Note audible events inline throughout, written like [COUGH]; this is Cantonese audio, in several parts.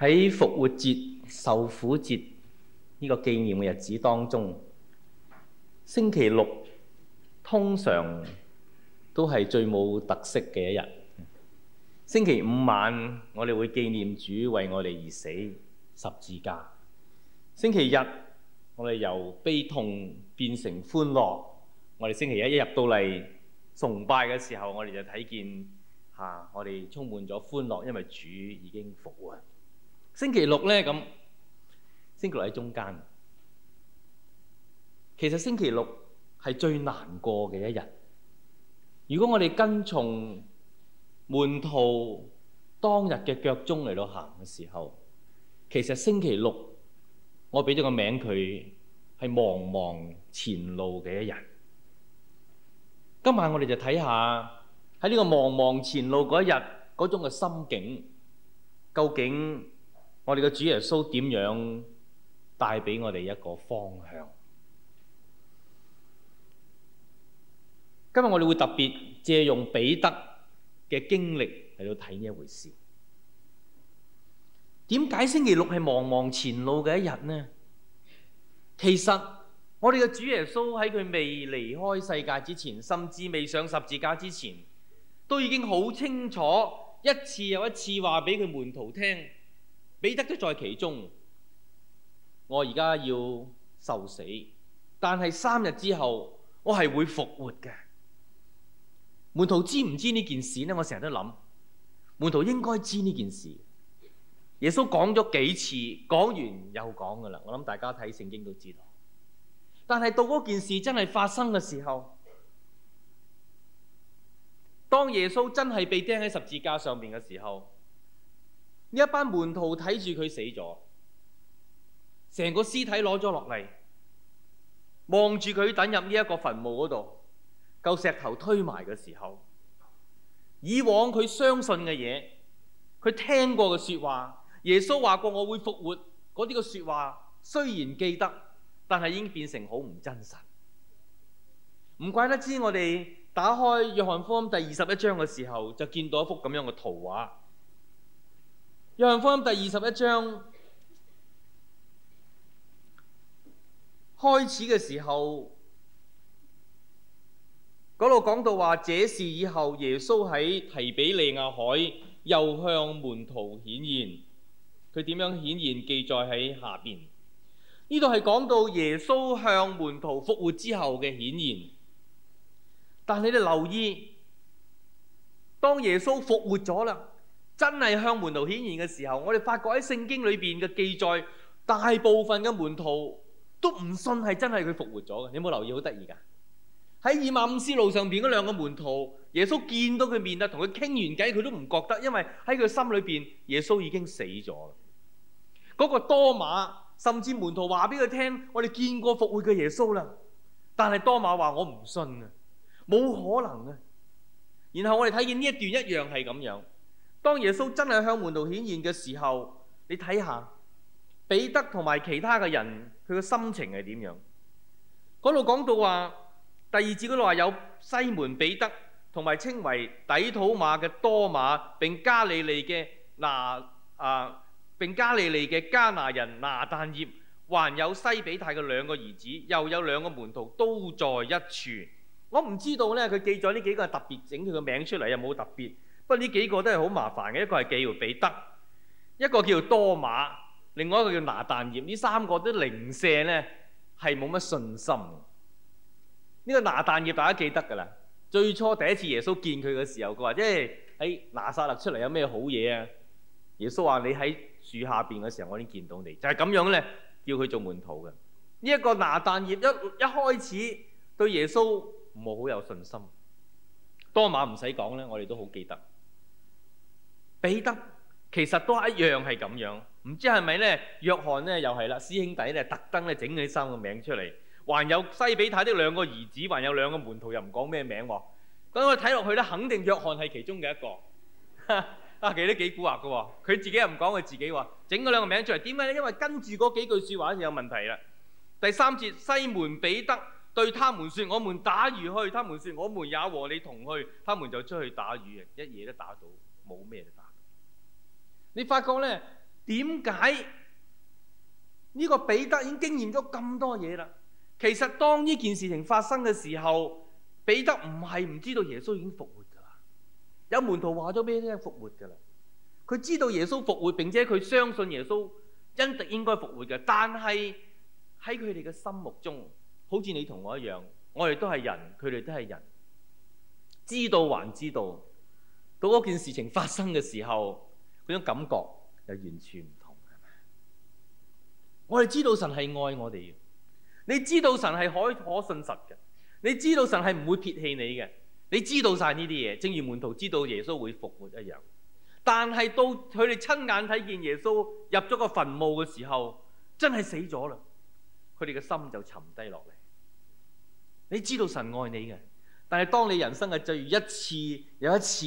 喺復活節、受苦節呢個紀念嘅日子當中，星期六通常都係最冇特色嘅一日。星期五晚我哋會紀念主為我哋而死十字架。星期日我哋由悲痛變成歡樂。我哋星期一一入到嚟崇拜嘅時候，我哋就睇見，吓，我哋充滿咗歡樂，因為主已經復活。星期六呢，咁星期六喺中間。其實星期六係最難過嘅一日。如果我哋跟從門徒當日嘅腳蹤嚟到行嘅時候，其實星期六我俾咗個名佢係茫茫前路嘅一日。今晚我哋就睇下喺呢個茫茫前路嗰一日嗰種嘅心境，究竟，我哋嘅主耶穌點樣帶俾我哋一個方向？今日我哋會特別借用彼得嘅經歷嚟到睇呢一回事。點解星期六係茫茫前路嘅一日呢？其實我哋嘅主耶穌喺佢未離開世界之前，甚至未上十字架之前，都已經好清楚一次又一次話俾佢門徒聽。彼得都在其中，我而家要受死，但係三日之後我係會復活嘅。門徒知唔知呢件事呢？我成日都諗，門徒應該知呢件事。耶穌講咗幾次，講完又講噶啦。我諗大家睇聖經都知道。但係到嗰件事真係發生嘅時候，當耶穌真係被釘喺十字架上面嘅時候。呢一班門徒睇住佢死咗，成個屍體攞咗落嚟，望住佢等入呢一個墳墓嗰度，舊石頭推埋嘅時候，以往佢相信嘅嘢，佢聽過嘅說話，耶穌話過我會復活，嗰啲嘅說話雖然記得，但係已經變成好唔真實。唔怪得之我哋打開約翰福音第二十一章嘅時候，就見到一幅咁樣嘅圖畫。約翰福音第二十一章開始嘅時候，嗰度講到話，這是以後耶穌喺提比利亞海又向門徒顯現，佢點樣顯現記載喺下面。呢度係講到耶穌向門徒復活之後嘅顯現，但你哋留意，當耶穌復活咗啦。真係向門徒顯現嘅時候，我哋發覺喺聖經裏邊嘅記載，大部分嘅門徒都唔信係真係佢復活咗嘅。你有冇留意？好得意噶！喺以馬忤斯路上邊嗰兩個門徒，耶穌見到佢面啦，同佢傾完偈，佢都唔覺得，因為喺佢心裏邊，耶穌已經死咗啦。嗰個多馬，甚至門徒話俾佢聽：我哋見過復活嘅耶穌啦。但係多馬話：我唔信啊，冇可能啊！然後我哋睇見呢一段一樣係咁樣。當耶穌真係向門徒顯現嘅時候，你睇下彼得同埋其他嘅人，佢嘅心情係點樣？嗰度講到話第二節嗰度話有西門彼得同埋稱為底土馬嘅多馬，並加利利嘅拿啊，並加利利嘅加拿人拿但業，還有西庇太嘅兩個兒子，又有兩個門徒都在一處。我唔知道呢，佢記咗呢幾個特別整佢個名出嚟有冇特別？不過呢幾個都係好麻煩嘅，一個係紀豪彼得，一個叫多馬，另外一個叫拿但業。呢三個啲零舍呢，係冇乜信心。呢、這個拿但業大家記得㗎啦，最初第一次耶穌見佢嘅時候，佢話：即係喺拿撒勒出嚟有咩好嘢啊？耶穌話：你喺樹下邊嘅時候，我已經見到你，就係、是、咁樣呢，叫佢做門徒嘅。呢、這、一個拿但業一一開始對耶穌唔係好有信心。多馬唔使講呢，我哋都好記得。彼得其實都一樣係咁樣，唔知係咪呢？約翰呢又係啦，師兄弟呢特登呢整起三個名出嚟，還有西比太的兩個兒子，還有兩個門徒又唔講咩名喎。咁我睇落去呢，肯定約翰係其中嘅一個。啊， [LAUGHS] 其實都幾蠱惑嘅喎，佢自己又唔講佢自己話，整嗰兩個名出嚟，點解呢？因為跟住嗰幾句説話有問題啦。第三節，西門彼得。對他們説：我們打魚去。他們説：我們也和你同去。他們就出去打魚，一嘢都打到，冇咩打。你發覺呢，點解呢個彼得已經經驗咗咁多嘢啦？其實當呢件事情發生嘅時候，彼得唔係唔知道耶穌已經復活㗎啦。有門徒話咗咩咧？復活㗎啦。佢知道耶穌復活，並且佢相信耶穌真係應該復活嘅。但係喺佢哋嘅心目中。好似你同我一樣，我哋都係人，佢哋都係人，知道還知道，到嗰件事情發生嘅時候，嗰種感覺又完全唔同，係咪？我哋知道神係愛我哋嘅，你知道神係可可信實嘅，你知道神係唔會撇棄你嘅，你知道晒呢啲嘢，正如門徒知道耶穌會復活一樣。但係到佢哋親眼睇見耶穌入咗個墳墓嘅時候，真係死咗啦，佢哋嘅心就沉低落嚟。你知道神愛你嘅，但係當你人生嘅遭遇一次又一次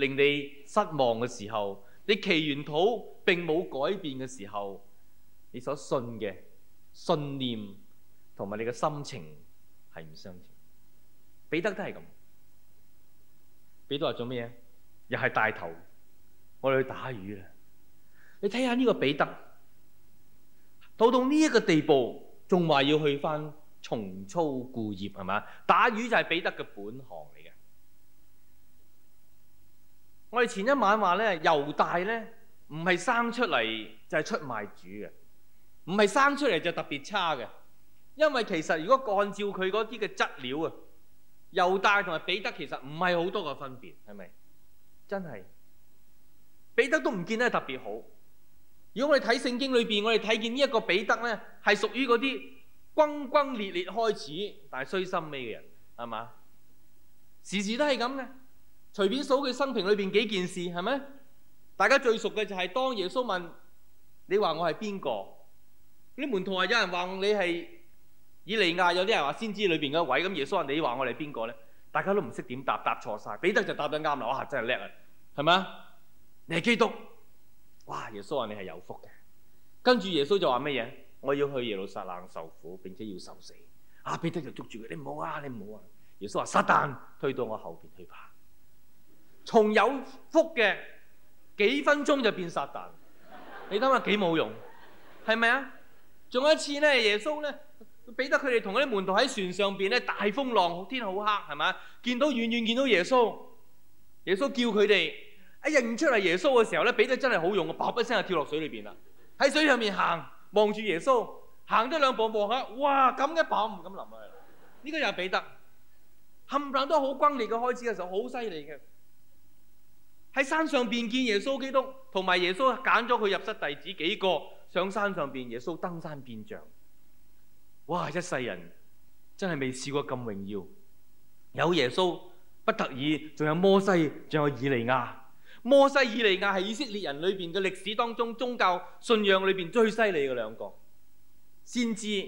令你失望嘅時候，你祈願土並冇改變嘅時候，你所信嘅信念同埋你嘅心情係唔相同。彼得都係咁，彼得係做咩嘢？又係帶頭，我哋去打魚啦。你睇下呢個彼得，到到呢一個地步，仲話要去返。重操故業係嘛？打魚就係彼得嘅本行嚟嘅。我哋前一晚話呢，猶大呢唔係生出嚟就係出賣主嘅，唔係生出嚟就特別差嘅。因為其實如果按照佢嗰啲嘅質料啊，猶大同埋彼得其實唔係好多個分別，係咪？真係彼得都唔見得特別好。如果我哋睇聖經裏邊，我哋睇見呢一個彼得呢，係屬於嗰啲。轟轟烈烈開始，但係衰心尾嘅人係嘛？時時都係咁嘅。隨便數佢生平裏邊幾件事，係咪？大家最熟嘅就係當耶穌問你話我係邊個，啲門徒話有人話你係以利亞，有啲人話先知裏邊嘅位。咁耶穌話你話我係邊個咧？大家都唔識點答，答錯晒。彼得就答得啱啦，哇真係叻啊，係嘛？你係基督，哇！耶穌話你係有福嘅，跟住耶穌就話乜嘢？我要去耶路撒冷受苦，並且要受死。阿、啊、彼得就捉住佢：你唔好啊，你唔好啊！耶穌話：撒旦，推到我後邊去爬。從有福嘅幾分鐘就變撒旦， [LAUGHS] 你諗下幾冇用，係咪啊？仲有一次咧，耶穌咧，彼得佢哋同嗰啲門徒喺船上邊咧，大風浪，天好黑，係咪？見到遠遠見到耶穌，耶穌叫佢哋，一、哎、認出嚟耶穌嘅時候咧，彼得真係好用，我叭一聲就跳落水裏邊啦，喺水上面行。望住耶穌，行多兩步，望下，哇！咁嘅棒唔敢淋佢。呢、這個又係彼得，冚唪唥都好轟烈嘅開始嘅時候，好犀利嘅。喺山上邊見耶穌基督，同埋耶穌揀咗佢入室弟子幾個上山上邊，耶穌登山變像。哇！一世人真係未試過咁榮耀，有耶穌、不得爾，仲有摩西，仲有以利亞。摩西、以利亞係以色列人裏邊嘅歷史當中宗教信仰裏邊最犀利嘅兩個，先知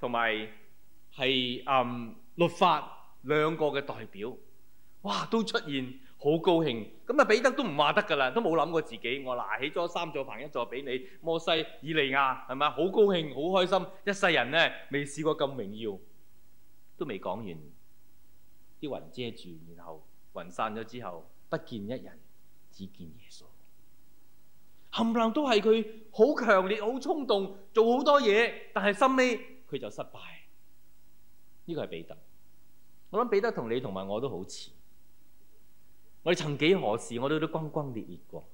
同埋係嗯律法兩個嘅代表，哇，都出現好高興，咁啊彼得都唔話得噶啦，都冇諗過自己我拿起咗三座棚一座俾你，摩西、以利亞係咪？好高興，好開心，一世人呢，未試過咁榮耀，都未講完，啲雲遮住，然後雲散咗之後，不見一人。只見耶穌，冚唪唥都係佢，好強烈、好衝動，做好多嘢，但係心尾佢就失敗。呢個係彼得，我諗彼得同你同埋我都好似，我哋曾幾何時我哋都轟轟烈烈過，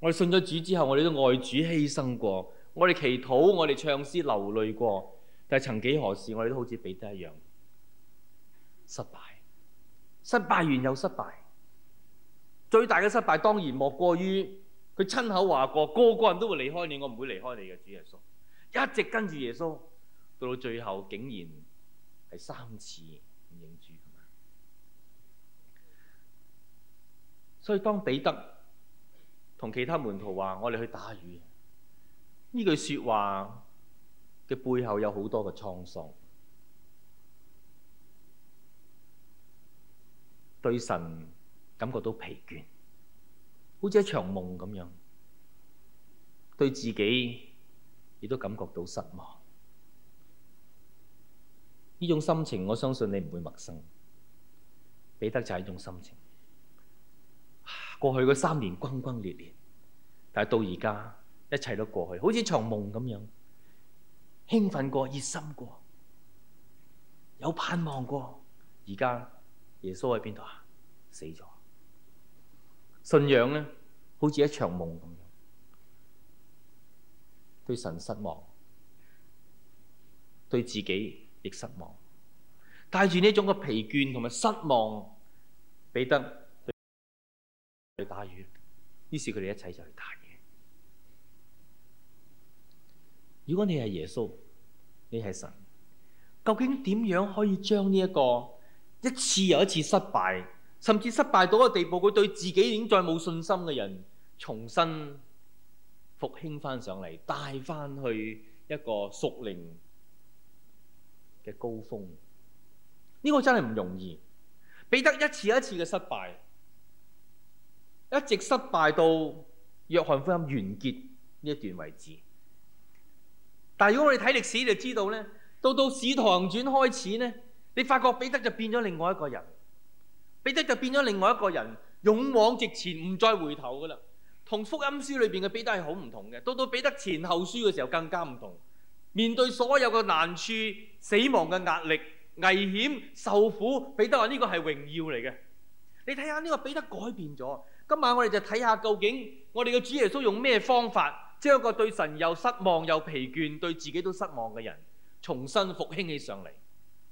我哋信咗主之後我哋都愛主犧牲過，我哋祈禱、我哋唱詩、流淚過，但係曾幾何時我哋都好似彼得一樣失敗，失敗完又失敗。最大嘅失敗當然莫過於佢親口話過，個個人都會離開你，我唔會離開你嘅主耶穌，一直跟住耶穌到到最後，竟然係三次唔認主。所以當彼得同其他門徒話我哋去打魚，呢句説話，嘅背後有好多嘅創傷，對神。感覺到疲倦，好似一場夢咁樣，對自己亦都感覺到失望。呢種心情，我相信你唔會陌生。彼得就係一種心情。過去嗰三年轟轟烈烈，但係到而家，一切都過去，好似場夢咁樣。興奮過，熱心過，有盼望過。而家耶穌喺邊度啊？死咗。信仰咧，好似一場夢咁樣，對神失望，對自己亦失望，帶住呢一種嘅疲倦同埋失望，彼得去打魚，於是佢哋一齊就去打魚。如果你係耶穌，你係神，究竟點樣可以將呢一個一次又一次失敗？甚至失敗到一個地步，佢對自己已經再冇信心嘅人，重新復興翻上嚟，帶翻去一個屬靈嘅高峰。呢、這個真係唔容易。彼得一次一次嘅失敗，一直失敗到約翰福音完結呢一段位置。但係如果我哋睇歷史，你就知道咧，到到使徒行傳開始咧，你發覺彼得就變咗另外一個人。彼得就變咗另外一個人，勇往直前，唔再回頭㗎喇。同福音書裏面嘅彼得係好唔同嘅。到到彼得前後書嘅時候更加唔同。面對所有嘅難處、死亡嘅壓力、危險、受苦，彼得話呢個係榮耀嚟嘅。你睇下呢個彼得改變咗。今晚我哋就睇下究竟我哋嘅主耶穌用咩方法將一個對神又失望又疲倦、對自己都失望嘅人重新復興起上嚟。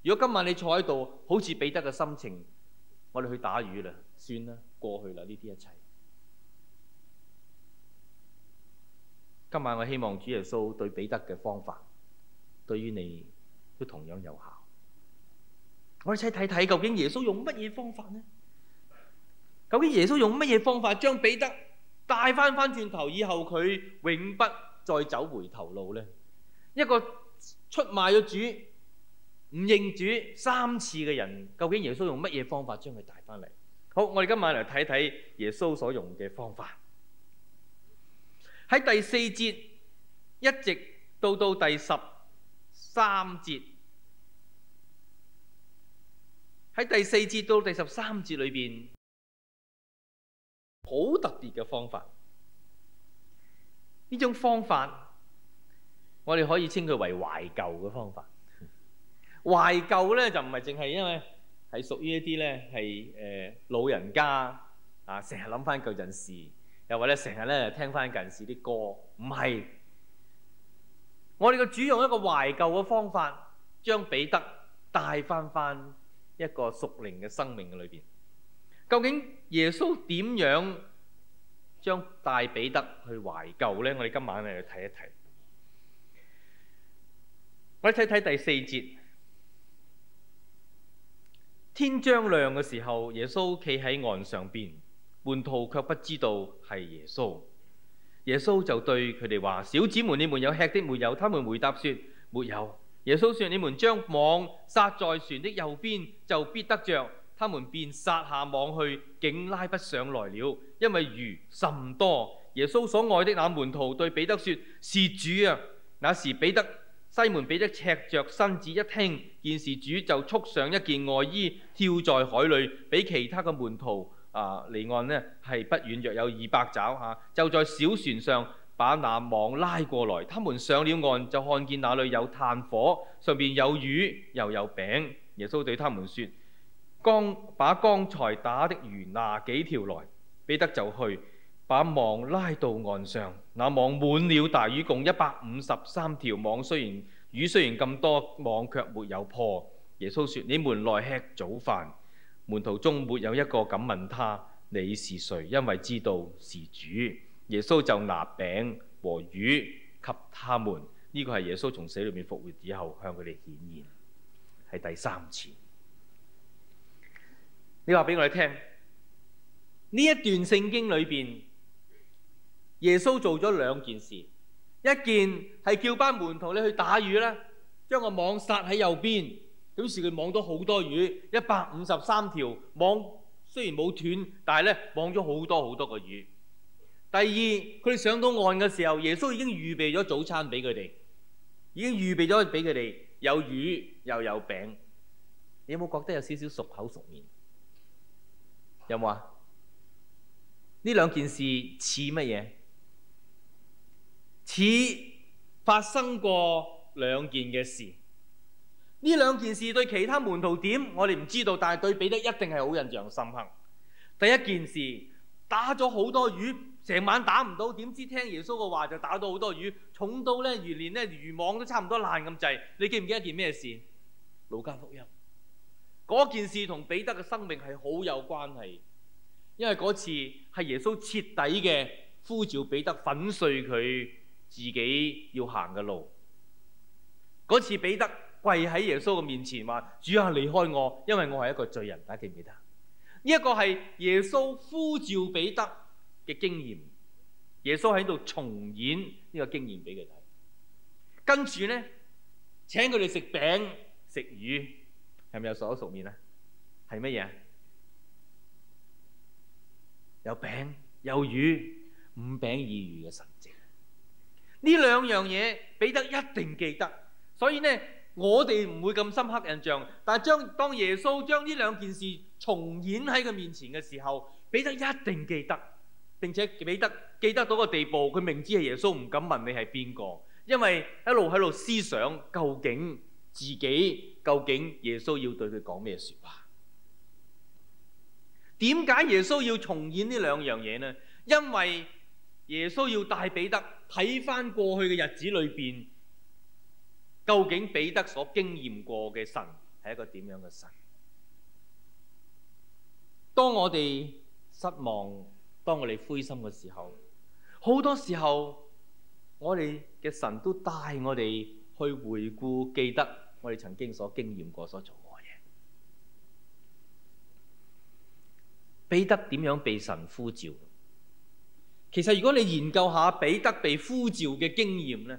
如果今晚你坐喺度，好似彼得嘅心情。我哋去打魚啦，算啦，過去啦，呢啲一切。今晚我希望主耶穌對彼得嘅方法，對於你都同樣有效。我哋一齊睇睇究竟耶穌用乜嘢方法呢？究竟耶穌用乜嘢方法將彼得帶翻翻轉頭，以後佢永不再走回頭路呢？一個出賣咗主，唔認主三次嘅人，究竟耶穌用乜嘢方法將佢帶翻嚟？好，我哋今晚嚟睇睇耶穌所用嘅方法。喺第四節一直到到第十三節，喺第四節到第十三節裏邊，好特別嘅方法。呢種方法，我哋可以稱佢為懷舊嘅方法。懷舊咧，就唔係淨係因為係屬於一啲咧，係誒老人家啊成日諗翻舊陣時，又或者成日咧，聽翻舊陣時啲歌，唔係。我哋嘅主用一個懷舊嘅方法，將彼得帶翻翻一個屬靈嘅生命嘅裏邊。究竟耶穌點樣將帶彼得去懷舊咧？我哋今晚嚟睇一睇。我哋睇睇第四節。天將亮嘅時候，耶穌企喺岸上邊，門徒卻不知道係耶穌。耶穌就對佢哋話： [LAUGHS] 小子們，你們有吃的沒有？他們回答說：沒有。耶穌說：你們將網撒在船的右邊，就必得着。」他們便撒下網去，竟拉不上來了，因為魚甚多。耶穌所愛的那門徒對彼得説：是主啊！那時彼得。西門彼得赤着身子，一聽見事主就束上一件外衣，跳在海裏，比其他嘅門徒啊離岸呢係不遠，約有二百肘。嚇、啊。就在小船上把那網拉過來，他們上了岸就看見那裏有炭火，上面有魚又有餅。耶穌對他們説：剛把剛才打的魚拿幾條來。彼得就去。把網拉到岸上，那網滿了大魚，共一百五十三條。網雖然魚雖然咁多，網卻沒有破。耶穌說：你們來吃早飯，門徒中沒有一個敢問他你是誰，因為知道是主。耶穌就拿餅和魚給他們，呢個係耶穌從死裏面復活以後向佢哋顯現，係第三次。你話俾我哋聽，呢一段聖經裏邊。耶穌做咗兩件事，一件係叫班門徒你去打魚咧，將個網撒喺右邊，表示佢網到好多魚，一百五十三條網雖然冇斷，但係咧網咗好多好多個魚。第二，佢哋上到岸嘅時候，耶穌已經預備咗早餐俾佢哋，已經預備咗俾佢哋有魚又有餅。你有冇覺得有少少熟口熟面？有冇啊？呢兩件事似乜嘢？似發生過兩件嘅事，呢兩件事對其他門徒點？我哋唔知道，但係對彼得一定係好印象深刻。第一件事，打咗好多魚，成晚打唔到，點知聽耶穌嘅話就打到好多魚，重到呢魚連呢漁網都差唔多爛咁滯。你記唔記得件咩事？路加福音嗰件事同彼得嘅生命係好有關係，因為嗰次係耶穌徹底嘅呼召彼得，粉碎佢。自己要行嘅路，嗰次彼得跪喺耶穌嘅面前話，主啊，離開我，因為我係一個罪人，大家記唔記得？呢、這、一個係耶穌呼召彼得嘅經驗，耶穌喺度重演呢個經驗俾佢睇。跟住呢，請佢哋食餅、食魚，係咪有熟口熟面呢？係乜嘢啊？有餅、有魚，五餅二魚嘅神。呢兩樣嘢，彼得一定記得。所以呢，我哋唔會咁深刻印象。但係將當耶穌將呢兩件事重演喺佢面前嘅時候，彼得一定記得，並且彼得記得到個地步，佢明知係耶穌唔敢問你係邊個，因為一路喺度思想究竟自己究竟耶穌要對佢講咩說話。點解耶穌要重演呢兩樣嘢呢？因為耶穌要帶彼得睇翻過去嘅日子裏邊，究竟彼得所經驗過嘅神係一個點樣嘅神？當我哋失望，當我哋灰心嘅時候，好多時候我哋嘅神都帶我哋去回顧，記得我哋曾經所經驗過、所做過嘅嘢。彼得點樣被神呼召？其實如果你研究下彼得被呼召嘅經驗咧，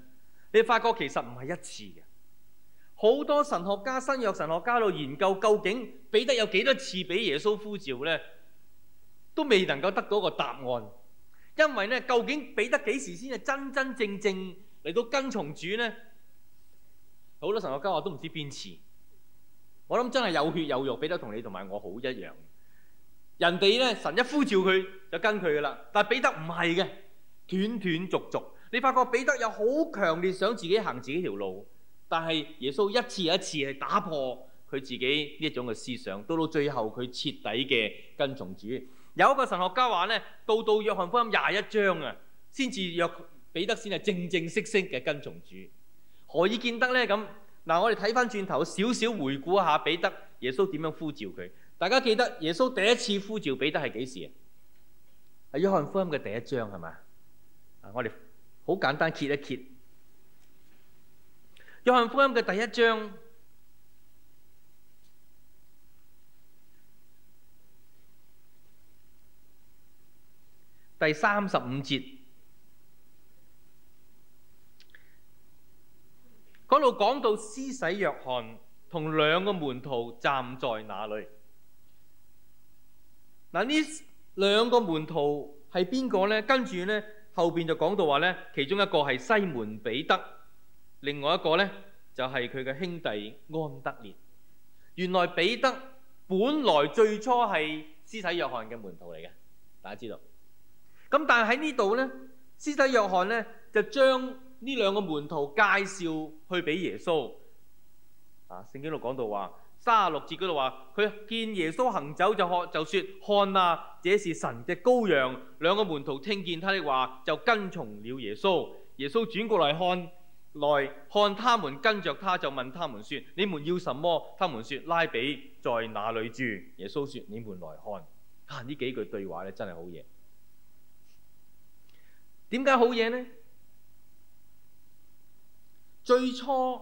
你發覺其實唔係一次嘅。好多神學家、新約神學家喺度研究，究竟彼得有幾多次俾耶穌呼召咧，都未能夠得到個答案。因為咧，究竟彼得幾時先係真真正正嚟到跟從主呢？好多神學家我都唔知邊次。我諗真係有血有肉，彼得同你同埋我好一樣。人哋咧，神一呼召佢就跟佢噶啦。但係彼得唔係嘅，斷斷續續。你發覺彼得有好強烈想自己行自己條路，但係耶穌一次一次係打破佢自己呢一種嘅思想，到到最後佢徹底嘅跟從主。有一個神學家話咧，到到約翰福音廿一章啊，先至約彼得先係正正式式嘅跟從主。何以見得呢？咁嗱，我哋睇翻轉頭，少少回顧一下彼得耶穌點樣呼召佢。大家記得耶穌第一次呼召彼得係幾時啊？係《約翰福音》嘅第一章係咪？啊，我哋好簡單揭一揭《約翰福音》嘅第一章第三十五節，嗰度講到施洗約翰同兩個門徒站在那裡。嗱，呢兩個門徒係邊個呢？跟住呢，後邊就講到話呢，其中一個係西門彼得，另外一個呢，就係佢嘅兄弟安德烈。原來彼得本來最初係施洗約翰嘅門徒嚟嘅，大家知道。咁但係喺呢度呢，施洗約翰呢，就將呢兩個門徒介紹去俾耶穌。啊，聖經度講到話。三十六節嗰度話，佢見耶穌行走就喝就說：看啊，這是神的羔羊。兩個門徒聽見他的話，就跟從了耶穌。耶穌轉過嚟看，來看他們跟着他，就問他們說：你們要什麼？他們說：拉比在哪裏住？耶穌說：你們來看。啊，呢幾句對話咧真係好嘢。點解好嘢呢？最初。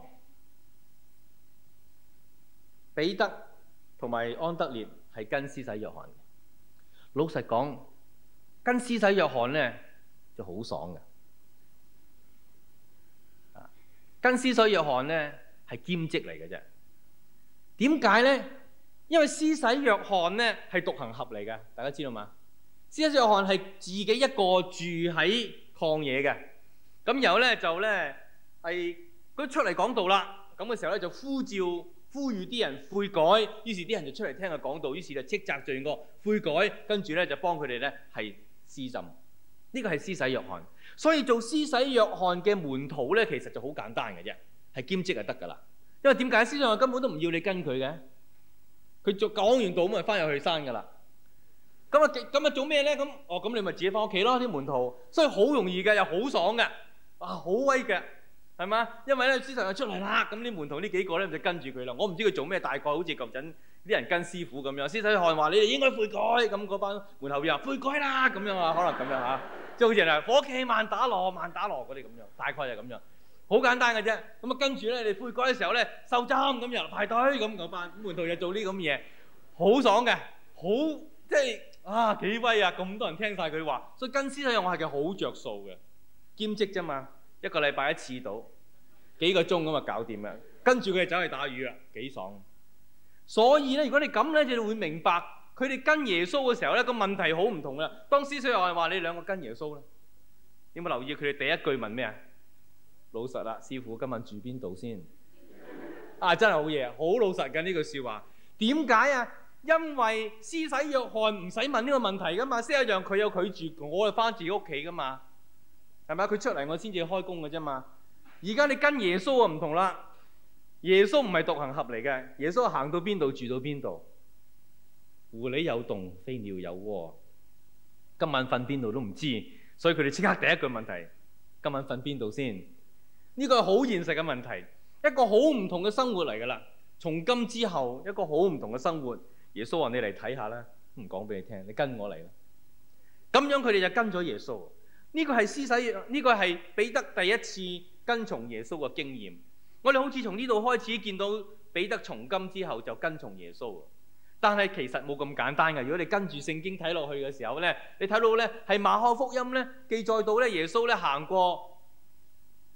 彼得同埋安德烈係跟施洗約翰嘅。老實講，跟施洗約翰呢就好爽嘅。跟施洗約翰呢係兼職嚟嘅啫。點解呢？因為施洗約翰呢係獨行俠嚟嘅，大家知道嘛？施洗約翰係自己一個住喺曠野嘅。咁然後呢就呢，係佢出嚟講道啦。咁嘅時候呢，就呼召。呼籲啲人悔改，於是啲人就出嚟聽佢講道，於是就斥責罪惡、悔改，跟住咧就幫佢哋咧係施浸。呢個係施洗約翰，所以做施洗約翰嘅門徒咧，其實就好簡單嘅啫，係兼職就得噶啦。因為點解施洗約翰根本都唔要你跟佢嘅，佢做講完道咪翻入去山噶啦。咁啊咁啊做咩咧？咁哦咁你咪自己翻屋企咯啲門徒。所以好容易嘅，又好爽嘅，啊好威嘅。係嘛？因為咧，師太又出嚟啦，咁啲門徒呢幾個咧，就跟住佢啦。我唔知佢做咩，大概好似舊陣啲人跟師傅咁樣。師太一喊話，你哋應該悔改，咁嗰班門後邊話悔改啦，咁樣啊，可能咁樣嚇，即係好似人話火器慢打羅，慢打羅嗰啲咁樣，大概係咁樣。好簡單嘅啫。咁啊，跟住咧，你悔改嘅時候咧，收針咁入嚟排隊咁嗰班門徒又做啲咁嘅嘢，好爽嘅，好即係啊幾威啊！咁多人聽曬佢話，所以跟師太我係佢好著數嘅兼職啫嘛。一個禮拜一次到，幾個鐘咁就搞掂啦。跟住佢哋走去打魚啦，幾爽啊。所以咧，如果你咁咧，你就會明白，佢哋跟耶穌嘅時候咧，個問題好唔同噶。當施洗約翰話你兩個跟耶穌咧，有冇留意佢哋第一句問咩啊？老實啦，師傅今晚住邊度先？ [LAUGHS] 啊，真係好嘢，好老實嘅呢句說話。點解啊？因為施洗約翰唔使問呢個問題噶嘛，先一樣，佢有佢住，我哋翻自己屋企噶嘛。係咪？佢出嚟，我先至開工嘅啫嘛。而家你跟耶穌啊，唔同啦。耶穌唔係獨行俠嚟嘅，耶穌行到邊度住到邊度。狐狸有洞，飛鳥有窩。今晚瞓邊度都唔知，所以佢哋即刻第一句問題：今晚瞓邊度先？呢個係好現實嘅問題，一個好唔同嘅生活嚟噶啦。從今之後，一個好唔同嘅生活。耶穌話：你嚟睇下啦，唔講俾你聽，你跟我嚟啦。咁樣佢哋就跟咗耶穌。呢個係施洗呢，呢個係彼得第一次跟從耶穌嘅經驗。我哋好似從呢度開始見到彼得從今之後就跟從耶穌，但係其實冇咁簡單嘅。如果你跟住聖經睇落去嘅時候呢，你睇到呢係馬可福音呢記載到呢：「耶穌呢行過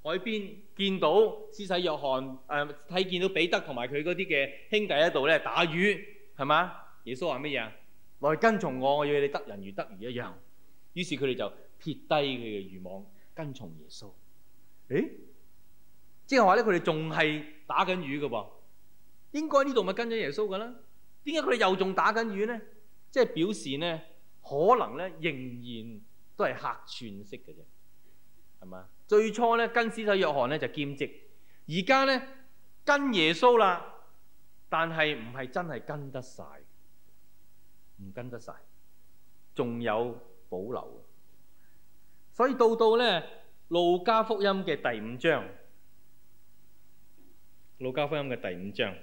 海邊，見到施洗約翰誒睇見到彼得同埋佢嗰啲嘅兄弟喺度呢打魚」係嘛？耶穌話乜嘢？來跟從我，我要你得人如得魚一樣。於是佢哋就撇低佢嘅漁網，跟從耶穌。誒，即係話咧，佢哋仲係打緊魚嘅噃。應該呢度咪跟咗耶穌噶啦？點解佢哋又仲打緊魚咧？即係表示呢，可能咧仍然都係客串式嘅啫，係嘛？最初咧跟施洗約翰咧就兼職，而家咧跟耶穌啦，但係唔係真係跟得晒。唔跟得晒，仲有保留。所以到到呢，《路加福音》嘅第五章，我到打多章《路加福音》嘅第五章，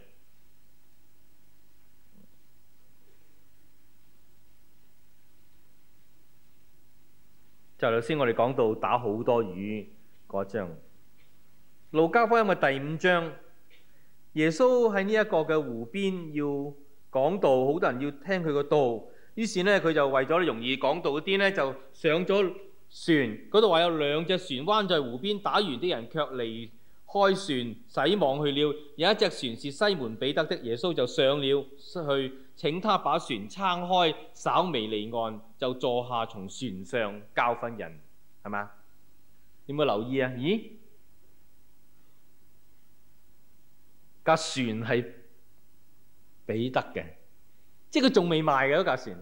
就頭先我哋講到打好多魚嗰章，《路加福音》嘅第五章，耶穌喺呢一個嘅湖邊要講道，好多人要聽佢個道，於是呢，佢就為咗容易講道啲呢，就上咗。船嗰度話有兩隻船灣在湖邊，打完啲人卻離開船洗網去了。有一隻船是西門彼得的，耶穌就上了去，請他把船撐開，稍微離岸就坐下，從船上教訓人，係咪？有冇留意啊？咦，架船係彼得嘅，即係佢仲未賣嘅嗰架船，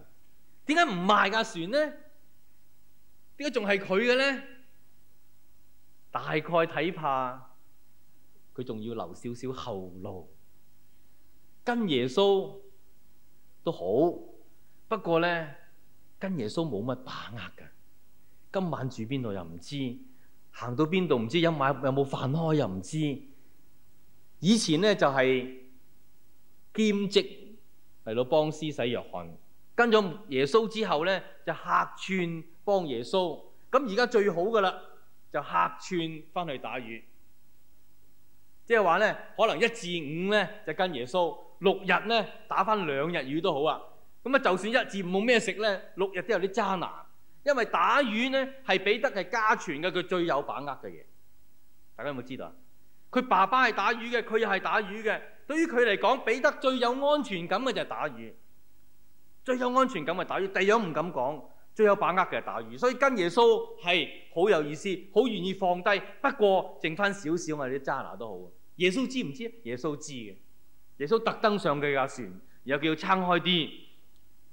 點解唔賣架船呢？點解仲係佢嘅咧？大概睇怕佢仲要留少少後路，跟耶穌都好，不過咧跟耶穌冇乜把握㗎。今晚住邊度又唔知，行到邊度唔知，今晚有冇飯開又唔知。以前咧就係、是、兼職嚟到幫施洗約翰。跟咗耶穌之後呢，就客串幫耶穌。咁而家最好噶啦，就客串返去打魚。即係話呢，可能一至五呢就跟耶穌，六日呢打返兩日魚都好啊。咁啊，就算一至五冇咩食呢，六日都有啲揸拿。因為打魚呢係彼得係家傳嘅，佢最有把握嘅嘢。大家有冇知道啊？佢爸爸係打魚嘅，佢又係打魚嘅。對於佢嚟講，彼得最有安全感嘅就係打魚。最有安全感嘅打魚，第二樣唔敢講，最有把握嘅打魚。所以跟耶穌係好有意思，好願意放低。不過剩翻少少我哋啲揸拿都好。耶穌知唔知？耶穌知嘅。耶穌特登上佢架船，又叫撐開啲。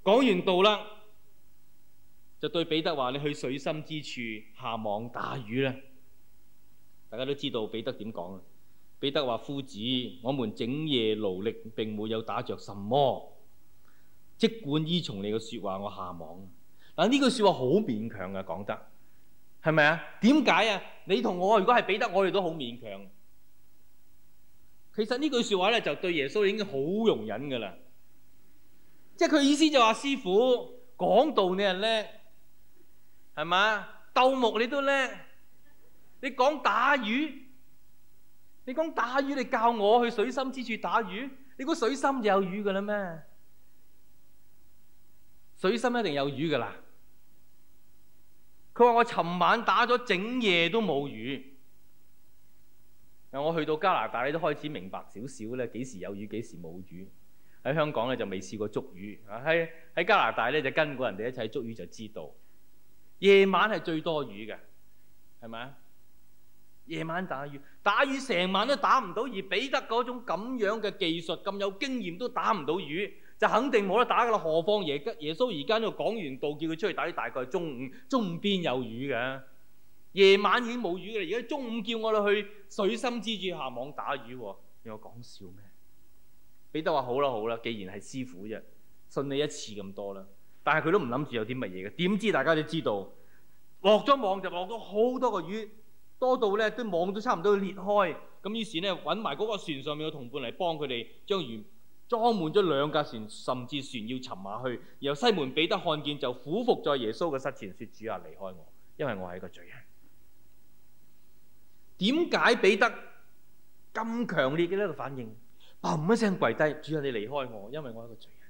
講完道啦，就對彼得話：你去水深之處下網打魚啦。大家都知道彼得點講啊？彼得話：夫子，我們整夜勞力，並沒有打着什麼。即管依從你嘅説話，我下網。嗱，呢句説話好勉強嘅講得，係咪啊？點解啊？你同我如果係俾得我，我哋都好勉強。其實呢句説話咧，就對耶穌已經好容忍㗎啦。即係佢意思就話：師傅講道你係叻，係嘛？鬥木你都叻。你講打魚，你講打魚，你教我去水深之處打魚，你估水深就有魚㗎啦咩？水深一定有魚噶啦。佢話：我尋晚打咗整夜都冇魚。嗱，我去到加拿大，你都開始明白少少咧，幾時有魚，幾時冇魚。喺香港咧就未試過捉魚，喺喺加拿大咧就跟過人哋一齊捉魚，就知道夜晚係最多魚嘅，係咪啊？夜晚打魚，打魚成晚都打唔到，而俾得嗰種咁樣嘅技術咁有經驗都打唔到魚。就肯定冇得打㗎喇，何況耶吉耶穌而家呢個講完道，道叫佢出去打，大概中午，中午邊有魚嘅？夜晚已經冇魚嘅啦。而家中午叫我哋去水深之處下網打魚喎。你話講笑咩？彼得話好啦好啦，既然係師傅啫，信你一次咁多啦。但係佢都唔諗住有啲乜嘢嘅。點知大家都知道落咗網就落咗好多個魚，多到咧啲網都差唔多裂開。咁於是咧揾埋嗰個船上面嘅同伴嚟幫佢哋將魚。裝滿咗兩架船，甚至船要沉下去。由西門彼得看見就俯伏在耶穌嘅膝前，說：主啊，離開我，因為我係一個罪人。點解彼得咁強烈嘅呢個反應？砰一聲跪低，主啊，你離開我，因為我係一個罪人。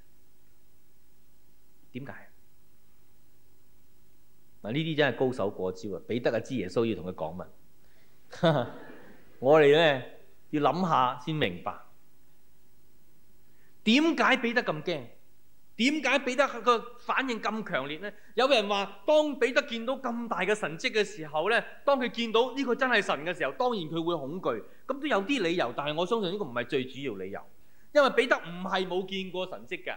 點解？嗱，呢啲真係高手過招啊！彼得啊，知耶穌要同佢講乜？ [LAUGHS] 我哋咧要諗下先明白。點解彼得咁驚？點解彼得個反應咁強烈呢？有人話，當彼得見到咁大嘅神迹嘅時候呢，當佢見到呢個真係神嘅時候，當然佢會恐懼。咁都有啲理由，但係我相信呢個唔係最主要理由，因為彼得唔係冇見過神迹噶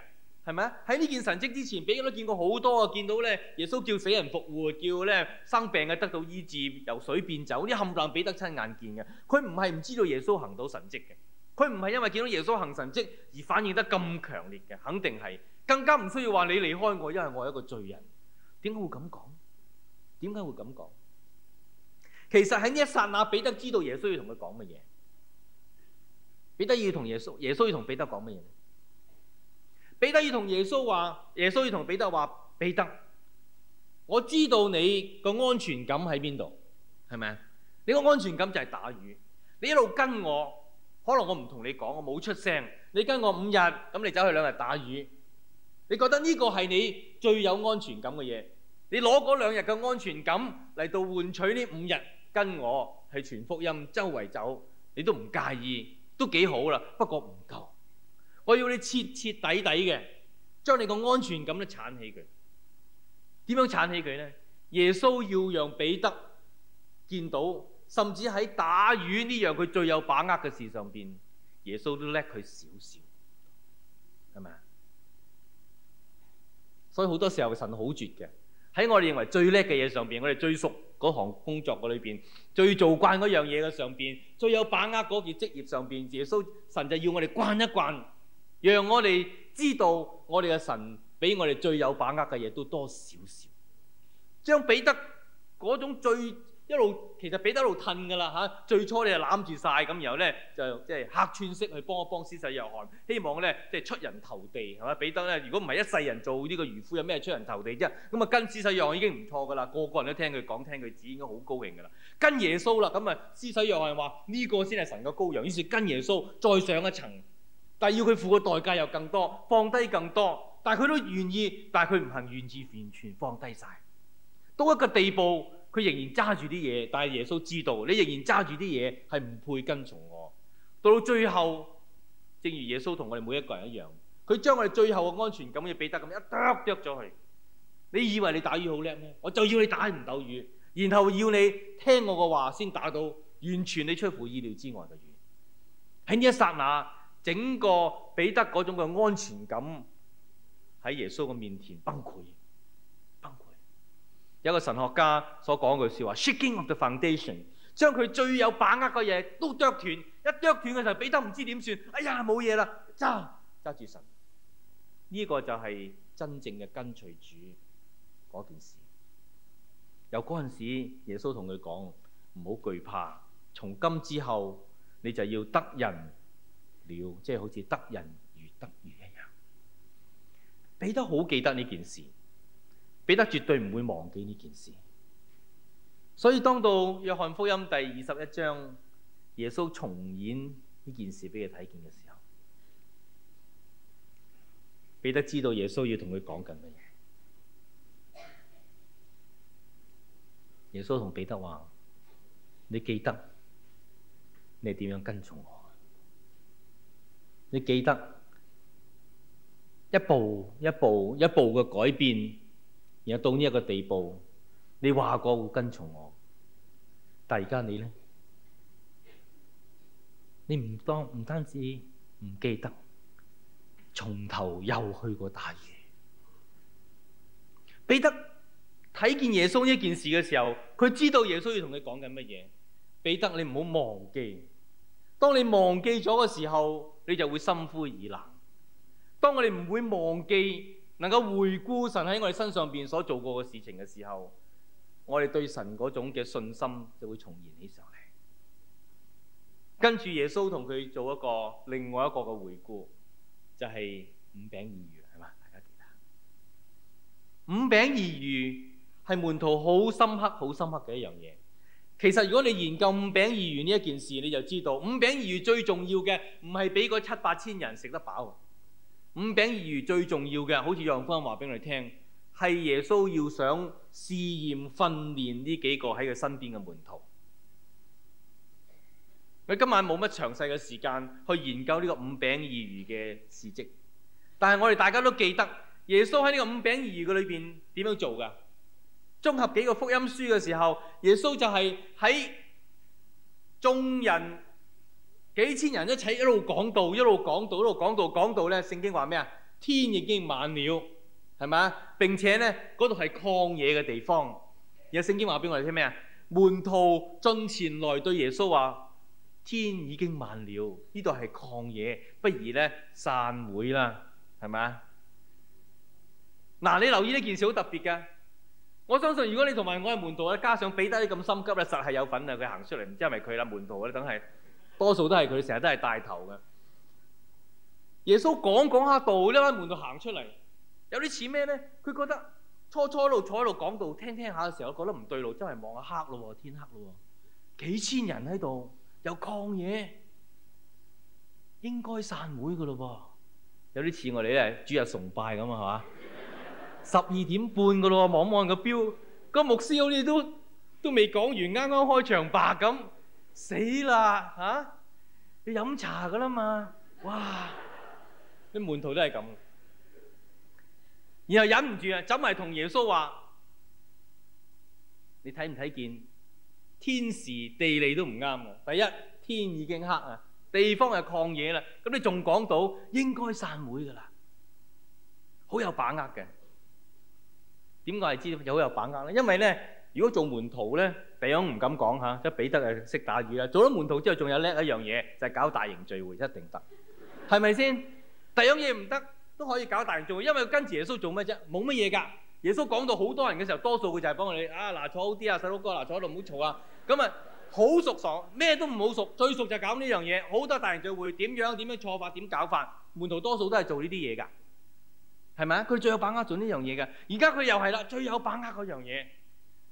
係咪？喺呢件神迹之前，彼得都見過好多啊，見到呢耶穌叫死人復活，叫呢生病嘅得到醫治，由水變酒。呢冚唪唥彼得親眼見嘅，佢唔係唔知道耶穌行到神迹嘅。佢唔係因為見到耶穌行神跡而反應得咁強烈嘅，肯定係，更加唔需要話你離開我，因為我係一個罪人。點解會咁講？點解會咁講？其實喺呢一剎那，彼得知道耶穌要同佢講乜嘢。彼得要同耶穌，耶穌要同彼得講乜嘢？彼得要同耶穌話，耶穌要同彼得話，彼得，我知道你個安全感喺邊度，係咪啊？你個安全感就係打魚，你一路跟我。可能我唔同你講，我冇出聲。你跟我五日，咁你走去兩日打魚，你覺得呢個係你最有安全感嘅嘢？你攞嗰兩日嘅安全感嚟到換取呢五日跟我係傳福音周圍走，你都唔介意，都幾好啦。不過唔夠，我要你徹徹底底嘅將你個安全感都鏟起佢。點樣鏟起佢呢？耶穌要讓彼得見到。甚至喺打魚呢樣佢最有把握嘅事上邊，耶穌都叻佢少少，係咪啊？所以好多時候神好絕嘅，喺我哋認為最叻嘅嘢上邊，我哋最熟嗰行工作嘅裏邊，最做慣嗰樣嘢嘅上邊，最有把握嗰件職業上邊，耶穌神就要我哋慣一慣，讓我哋知道我哋嘅神俾我哋最有把握嘅嘢都多少少，將彼得嗰種最。一路其實彼得一路褪㗎啦嚇，最初你就攬住晒，咁，然後咧就即係客串式去幫一幫施洗約翰，希望咧即係出人頭地係嘛？彼得咧如果唔係一世人做呢個漁夫，有咩出人頭地啫？咁啊跟施洗約翰已經唔錯㗎啦，個個人都聽佢講，聽佢指應該好高興㗎啦。跟耶穌啦，咁啊施洗約翰話呢個先係神嘅羔羊，於是跟耶穌再上一層，但係要佢付嘅代價又更多，放低更多，但係佢都願意，但係佢唔肯願意完全放低晒。到一個地步。佢仍然揸住啲嘢，但係耶穌知道你仍然揸住啲嘢係唔配跟從我。到最後，正如耶穌同我哋每一個人一樣，佢將我哋最後嘅安全感畀彼得咁一剁剁咗佢。你以為你打魚好叻咩？我就要你打唔到魚，然後要你聽我嘅話先打到完全你出乎意料之外嘅魚。喺呢一剎那，整個彼得嗰種嘅安全感喺耶穌嘅面前崩潰。有一個神學家所講句說話，Shaking of the foundation，將佢最有把握嘅嘢都剁斷，一剁斷嘅時候，彼得唔知點算，哎呀冇嘢啦，揸揸住神，呢、這個就係真正嘅跟隨主嗰件事。由嗰陣時耶穌，耶穌同佢講唔好懼怕，從今之後你就要得人了，即、就、係、是、好似得人如得魚一樣。彼得好記得呢件事。彼得絕對唔會忘記呢件事，所以當到約翰福音第二十一章，耶穌重演呢件事俾佢睇見嘅時候，彼得知道耶穌要同佢講緊乜嘢。耶穌同彼得話：你記得，你點樣跟從我？你記得，一步一步一步嘅改變？然後到呢一個地步，你話過會跟從我，但而家你呢？你唔當唔單止唔記得，從頭又去過打魚。彼得睇見耶穌呢件事嘅時候，佢知道耶穌要同佢講緊乜嘢。彼得，你唔好忘記，當你忘記咗嘅時候，你就會心灰意冷。當我哋唔會忘記。能夠回顧神喺我哋身上邊所做過嘅事情嘅時候，我哋對神嗰種嘅信心就會重燃起上嚟。跟住耶穌同佢做一個另外一個嘅回顧，就係、是、五餅二魚係嘛？大家記得五餅二魚係門徒好深刻、好深刻嘅一樣嘢。其實如果你研究五餅二魚呢一件事，你就知道五餅二魚最重要嘅唔係俾嗰七八千人食得飽。五餅二魚最重要嘅，好似楊坤話俾我哋聽，係耶穌要想試驗訓練呢幾個喺佢身邊嘅門徒。佢今晚冇乜詳細嘅時間去研究呢個五餅二魚嘅事蹟，但係我哋大家都記得耶穌喺呢個五餅二魚嘅裏邊點樣做㗎？綜合幾個福音書嘅時候，耶穌就係喺眾人。幾千人一齊一路講道，一路講道，一路講道講到咧。聖經話咩啊？天已經晚了，係咪？並且咧，嗰度係曠野嘅地方。有聖經話俾我哋聽咩啊？門徒進前來對耶穌話：天已經晚了，呢度係曠野，不如咧散會啦，係咪？嗱、啊，你留意呢件事好特別㗎。我相信如果你同埋我係門徒咧，加上彼得你咁心急咧，實係有份啊！佢行出嚟唔知係咪佢啦？門徒咧，梗係。多數都係佢成日都係帶頭嘅。耶穌講講下道，呢班門徒行出嚟，有啲似咩呢？佢覺得初初喺度坐喺度講道，聽聽下嘅時候覺得唔對路，真係望下黑咯喎，天黑咯喎，幾千人喺度又抗嘢，應該散會嘅咯喎。有啲似我哋咧，主日崇拜咁啊嘛。十二點半嘅咯喎，望望個表，看看標那個牧師好似都都未講完，啱啱開場白咁。死啦嚇！你、啊、飲茶噶啦嘛！哇！啲 [LAUGHS] 門徒都係咁，然後忍唔住啊，走埋同耶穌話：你睇唔睇見？天時地利都唔啱。第一，天已經黑啊，地方又曠野啦，咁你仲講到應該散會噶啦，好有把握嘅。點解係知道好有把握呢？因為呢，如果做門徒呢……」第二樣唔敢講嚇，即係彼得啊，識打魚啦。做咗門徒之後，仲有叻一樣嘢，就係搞大型聚會一定得，係咪先？第二樣嘢唔得都可以搞大型聚會，因為跟住耶穌做咩啫？冇乜嘢㗎。耶穌講到好多人嘅時候，多數佢就係幫你啊嗱，坐好啲啊，細佬哥嗱，坐喺度唔好嘈啊。咁啊，好熟爽咩都唔好熟，最熟就係搞呢樣嘢。好多大型聚會點樣點樣錯法點搞法，門徒多數都係做呢啲嘢㗎，係咪啊？佢最有把握做呢樣嘢㗎。而家佢又係啦，最有把握嗰樣嘢，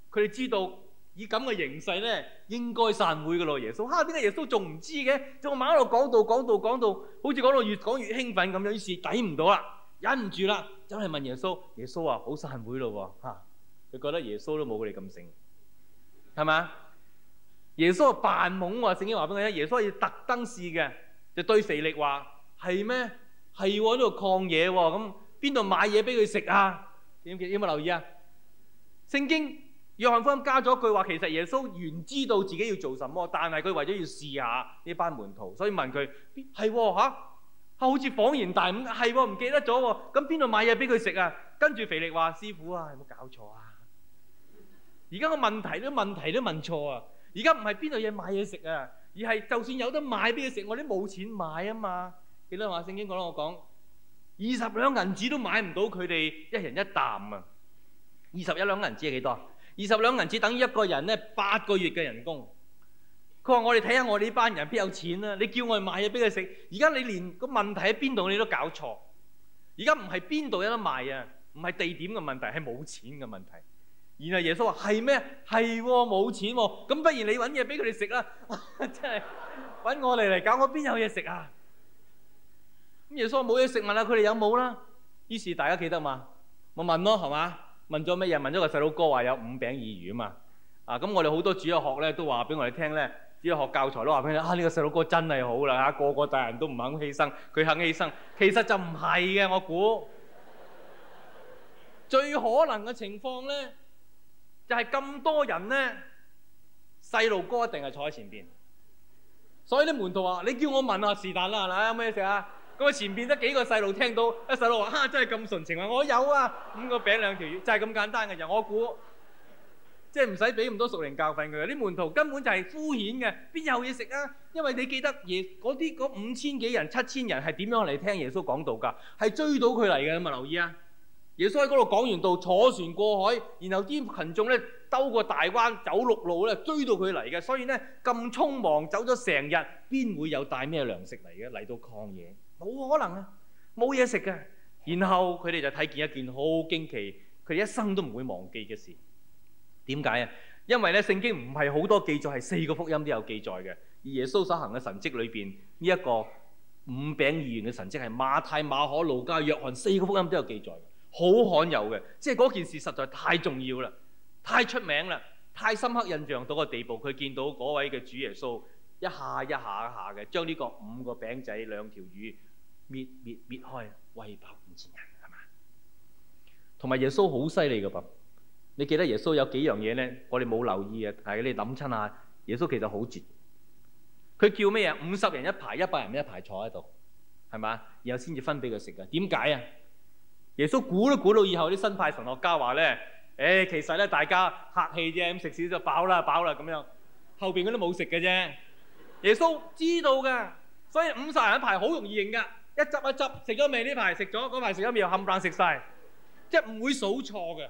佢哋知道。以咁嘅形勢咧，應該散會㗎咯，耶穌。嚇、啊，點解耶穌仲唔知嘅？仲馬路講到講到講到，好似講到越，越講越興奮咁樣，於是抵唔到啦，忍唔住啦，走、就、係、是、問耶穌。耶穌話、啊：好散會咯喎、哦，佢、啊、覺得耶穌都冇佢哋咁醒，係咪？耶穌話扮懵喎，聖經話俾我聽，耶穌係特登試嘅，就對腓力話：係咩？係喎、哦，喺度抗嘢喎、哦，咁邊度買嘢俾佢食啊？點有冇留意啊？聖經。約翰福音加咗句話：其實耶穌原知道自己要做什麼，但係佢為咗要試下呢班門徒，所以問佢：係吓、啊啊，好似恍然大悟咁，係唔記得咗？咁邊度買嘢俾佢食啊？跟住、啊、腓力話：師傅啊，有冇搞錯啊？而家個問題都問題都問錯啊！而家唔係邊度嘢買嘢食啊，而係就算有得買俾佢食，我哋冇錢買啊嘛！記得話聖經講啦，我講二十兩銀紙都買唔到佢哋一人一啖啊！二十一兩銀紙係幾多？二十兩銀紙等於一個人咧八個月嘅人工。佢話：我哋睇下我哋呢班人邊有錢啦、啊？你叫我哋買嘢俾佢食。而家你連個問題喺邊度你都搞錯。而家唔係邊度有得賣啊？唔係地點嘅問題，係冇錢嘅問題。然後耶穌話：係咩？係喎，冇錢喎、啊。咁不如你揾嘢俾佢哋食啦。 [LAUGHS] 真係揾我嚟嚟搞，我邊有嘢食啊？咁耶穌話，冇嘢食，問下佢哋有冇啦？於是大家記得嘛？咪問咯，係嘛？問咗乜嘢？問咗個細佬哥話有五餅二魚啊嘛！啊咁，我哋好多主日學呢都話俾我哋聽呢，主日學教材都話俾你聽，啊呢、這個細佬哥真係好啦嚇、啊，個個大人都唔肯犧牲，佢肯犧牲。其實就唔係嘅，我估最可能嘅情況呢，就係、是、咁多人呢，細路哥一定係坐喺前邊。所以啲門徒話：你叫我問下是但啦，係咪？咩事啊？咁前邊得幾個細路聽到，一細路話嚇，真係咁純情啊！我有啊，五個餅兩條魚，就係咁簡單嘅。就我估即係唔使俾咁多熟人教訓佢哋，啲門徒根本就係敷衍嘅，邊有嘢食啊？因為你記得耶嗰啲五千幾人、七千人係點樣嚟聽耶穌講道㗎？係追到佢嚟嘅，咁有留意啊？耶穌喺嗰度講完道，坐船過海，然後啲群眾咧兜過大彎走陸路咧追到佢嚟嘅，所以咧咁匆忙走咗成日，邊會有帶咩糧食嚟嘅嚟到曠野？冇可能啊！冇嘢食啊。然後佢哋就睇見一件好驚奇，佢一生都唔會忘記嘅事。點解啊？因為咧，聖經唔係好多記載，係四個福音都有記載嘅。而耶穌所行嘅神蹟裏邊，呢一個五餅二魚嘅神蹟係馬太、馬可、路加、約翰四個福音都有記載，好罕有嘅。即係嗰件事實在太重要啦，太出名啦，太深刻印象到個地步，佢見到嗰位嘅主耶穌一下一下一下嘅將呢個五個餅仔、兩條魚。滅滅滅開，餵飽五千人係嘛？同埋耶穌好犀利噶噃，你記得耶穌有幾樣嘢咧？我哋冇留意嘅，但係你諗親下，耶穌其實好絕。佢叫咩嘢？五十人一排，一百人一排坐喺度，係嘛？然後先至分俾佢食嘅。點解啊？耶穌估都估到以後啲新派神學家話咧，誒、哎，其實咧大家客氣啫，咁食屎少就飽啦，飽啦咁樣。後邊嗰啲冇食嘅啫。耶穌知道噶，所以五十人一排好容易認噶。一執一執，食咗未？呢排食咗，嗰排食咗未？又冚唪唥食晒，即係唔會數錯嘅。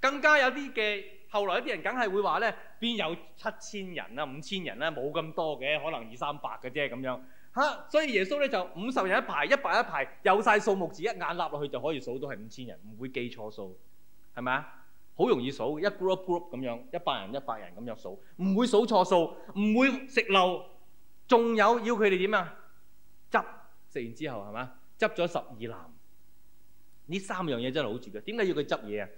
更加有啲嘅後來啲人梗係會話咧，邊有七千人啦、五千人啦？冇咁多嘅，可能二三百嘅啫咁樣嚇。所以耶穌咧就五十人一排，一百一排，有晒數目字，一眼擸落去就可以數到係五千人，唔會記錯數，係咪啊？好容易數嘅，一 group group 咁樣，一百人一百人咁樣數，唔會數錯數，唔會食漏。仲有要佢哋點啊？食完之後係嘛？執咗十二籃，呢三樣嘢真係好絕嘅。點解要佢執嘢啊？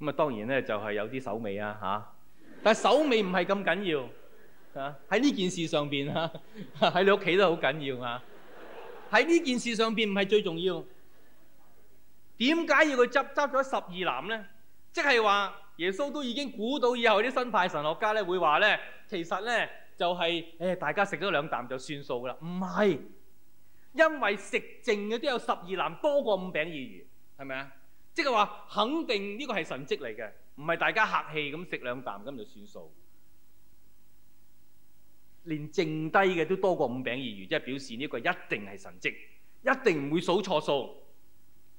咁啊，當然咧就係有啲手尾啊嚇。但係手尾唔係咁緊要啊。喺呢件事上邊啊，喺你屋企都好緊要啊。喺呢件事上邊唔係最重要。點解要佢執執咗十二籃咧？即係話耶穌都已經估到以後啲新派神學家咧會話咧，其實咧就係、是、誒、哎、大家食咗兩啖就算數㗎啦。唔係。因為食剩嘅都有十二籃，多過五餅二魚，係咪啊？即係話肯定呢個係神跡嚟嘅，唔係大家客氣咁食兩啖咁就算數。連剩低嘅都多過五餅二魚，即係表示呢個一定係神跡，一定唔會數錯數，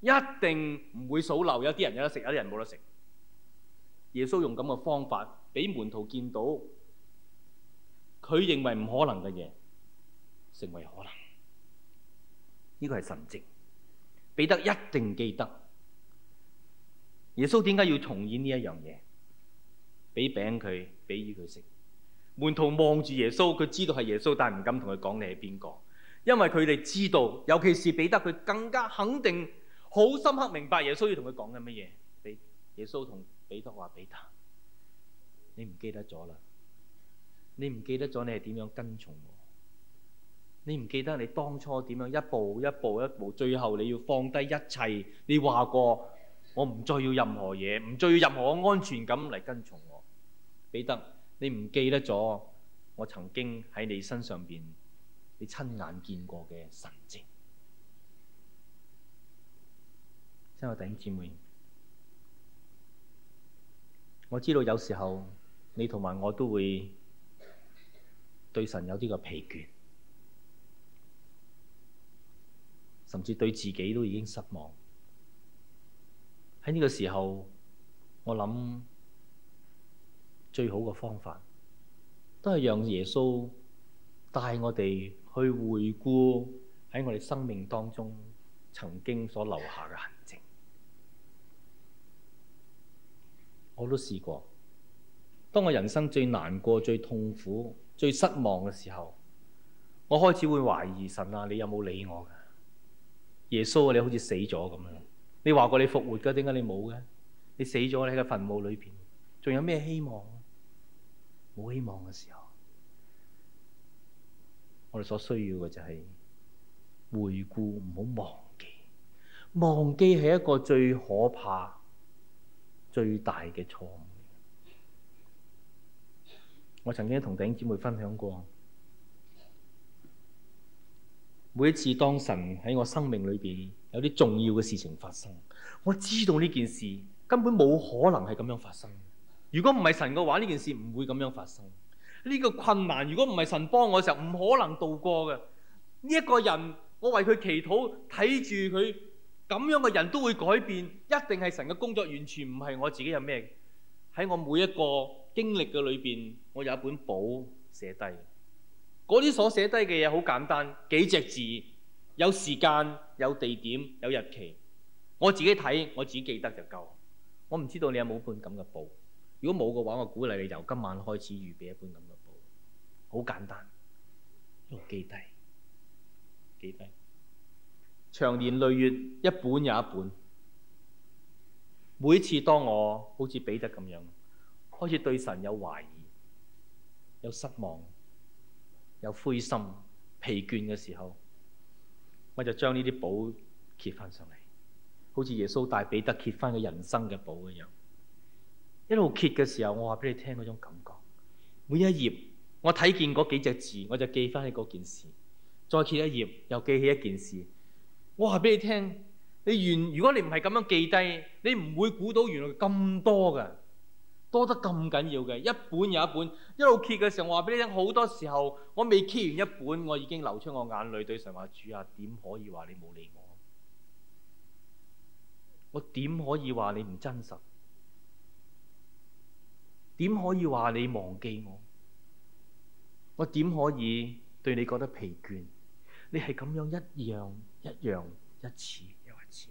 一定唔會數漏。有啲人有得食，有啲人冇得食。耶穌用咁嘅方法俾門徒見到，佢認為唔可能嘅嘢成為可能。呢個係神跡，彼得一定記得。耶穌點解要重演呢一樣嘢？俾餅佢，俾魚佢食。門徒望住耶穌，佢知道係耶穌，但係唔敢同佢講你係邊個，因為佢哋知道，尤其是彼得，佢更加肯定、好深刻明白耶穌要同佢講緊乜嘢。俾耶穌同彼得話：彼得，彼得彼得你唔記得咗啦，你唔記得咗，你係點樣跟從我？你唔記得你當初點樣一步一步一步，最後你要放低一切。你話過我唔再要任何嘢，唔再要任何安全感嚟跟從我，彼得。你唔記得咗我曾經喺你身上邊，你親眼見過嘅神跡。所有弟兄姊妹，我知道有時候你同埋我都會對神有啲個疲倦。甚至對自己都已經失望。喺呢個時候，我諗最好嘅方法都係讓耶穌帶我哋去回顧喺我哋生命當中曾經所留下嘅痕跡。我都試過，當我人生最難過、最痛苦、最失望嘅時候，我開始會懷疑神啊，你有冇理我嘅？耶穌啊，你好似死咗咁樣。你話過你復活㗎，點解你冇嘅？你死咗你喺個墳墓裏邊，仲有咩希望？冇希望嘅時候，我哋所需要嘅就係回顧，唔好忘記。忘記係一個最可怕、最大嘅錯誤。我曾經同弟兄姊妹分享過。每一次當神喺我生命裏邊有啲重要嘅事情發生，我知道呢件事根本冇可能係咁樣發生。如果唔係神嘅話，呢件事唔會咁樣發生。呢個困難如果唔係神幫我嘅時候，唔可能度過嘅。呢一個人我為佢祈禱，睇住佢咁樣嘅人都會改變，一定係神嘅工作，完全唔係我自己有咩。喺我每一個經歷嘅裏邊，我有一本簿寫低。嗰啲所寫低嘅嘢好簡單，幾隻字，有時間、有地點、有日期。我自己睇，我自己記得就夠。我唔知道你有冇本咁嘅簿。如果冇嘅話，我鼓勵你由今晚開始預備一本咁嘅簿。好簡單，我記低，記低。長年累月，一本又一本。每次當我好似彼得咁樣，開始對神有懷疑、有失望。有灰心、疲倦嘅時候，我就將呢啲簿揭翻上嚟，好似耶穌帶彼得揭翻個人生嘅簿咁樣。一路揭嘅時候，我話俾你聽嗰種感覺。每一頁，我睇見嗰幾隻字，我就記翻起嗰件事。再揭一頁，又記起一件事。我話俾你聽，你原如果你唔係咁樣記低，你唔會估到原來咁多㗎。多得咁緊要嘅，一本又一本，一路揭嘅時候，我話俾你聽，好多時候我未揭完一本，我已經流出我眼淚，對神話，主啊，點可以話你冇理我？我點可以話你唔真實？點可以話你忘記我？我點可以對你覺得疲倦？你係咁樣一樣一樣一次又一次。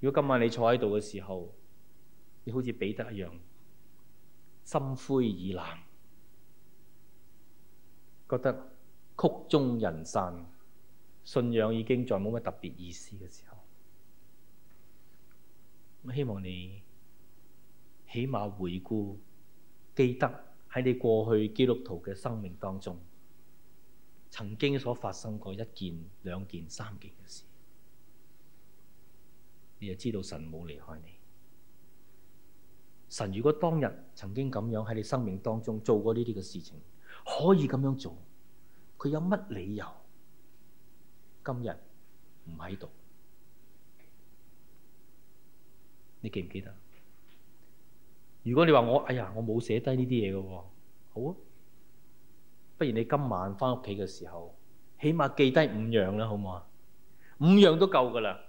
如果今晚你坐喺度嘅時候，你好似彼得一樣，心灰意冷，覺得曲終人散，信仰已經再冇乜特別意思嘅時候。我希望你起碼回顧記得喺你過去基督徒嘅生命當中，曾經所發生過一件、兩件、三件嘅事，你就知道神冇離開你。神如果當日曾經咁樣喺你生命當中做過呢啲嘅事情，可以咁樣做，佢有乜理由今日唔喺度？你記唔記得？如果你話我哎呀，我冇寫低呢啲嘢嘅喎。好啊，不如你今晚翻屋企嘅時候，起碼記低五樣啦，好唔好啊？五樣都夠噶啦，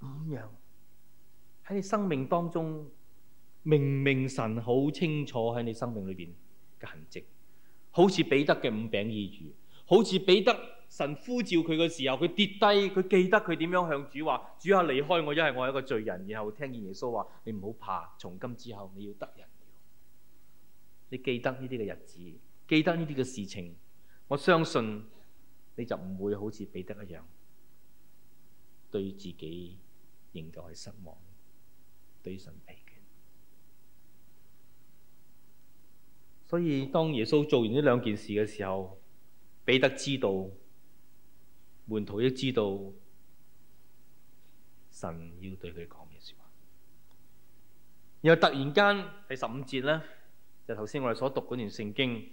五樣喺你生命當中。明明神好清楚喺你生命裏邊嘅痕跡，好似彼得嘅五餅二魚，好似彼得，神呼召佢嘅時候，佢跌低，佢記得佢點樣向主話，主啊，離開我，因為我係一個罪人。然後聽見耶穌話，你唔好怕，從今之後你要得人。你記得呢啲嘅日子，記得呢啲嘅事情，我相信你就唔會好似彼得一樣對自己仍舊係失望，對神所以當耶穌做完呢兩件事嘅時候，彼得知道，門徒亦知道，神要對佢講咩說話。又突然間喺十五節咧，就頭、是、先我哋所讀嗰段聖經，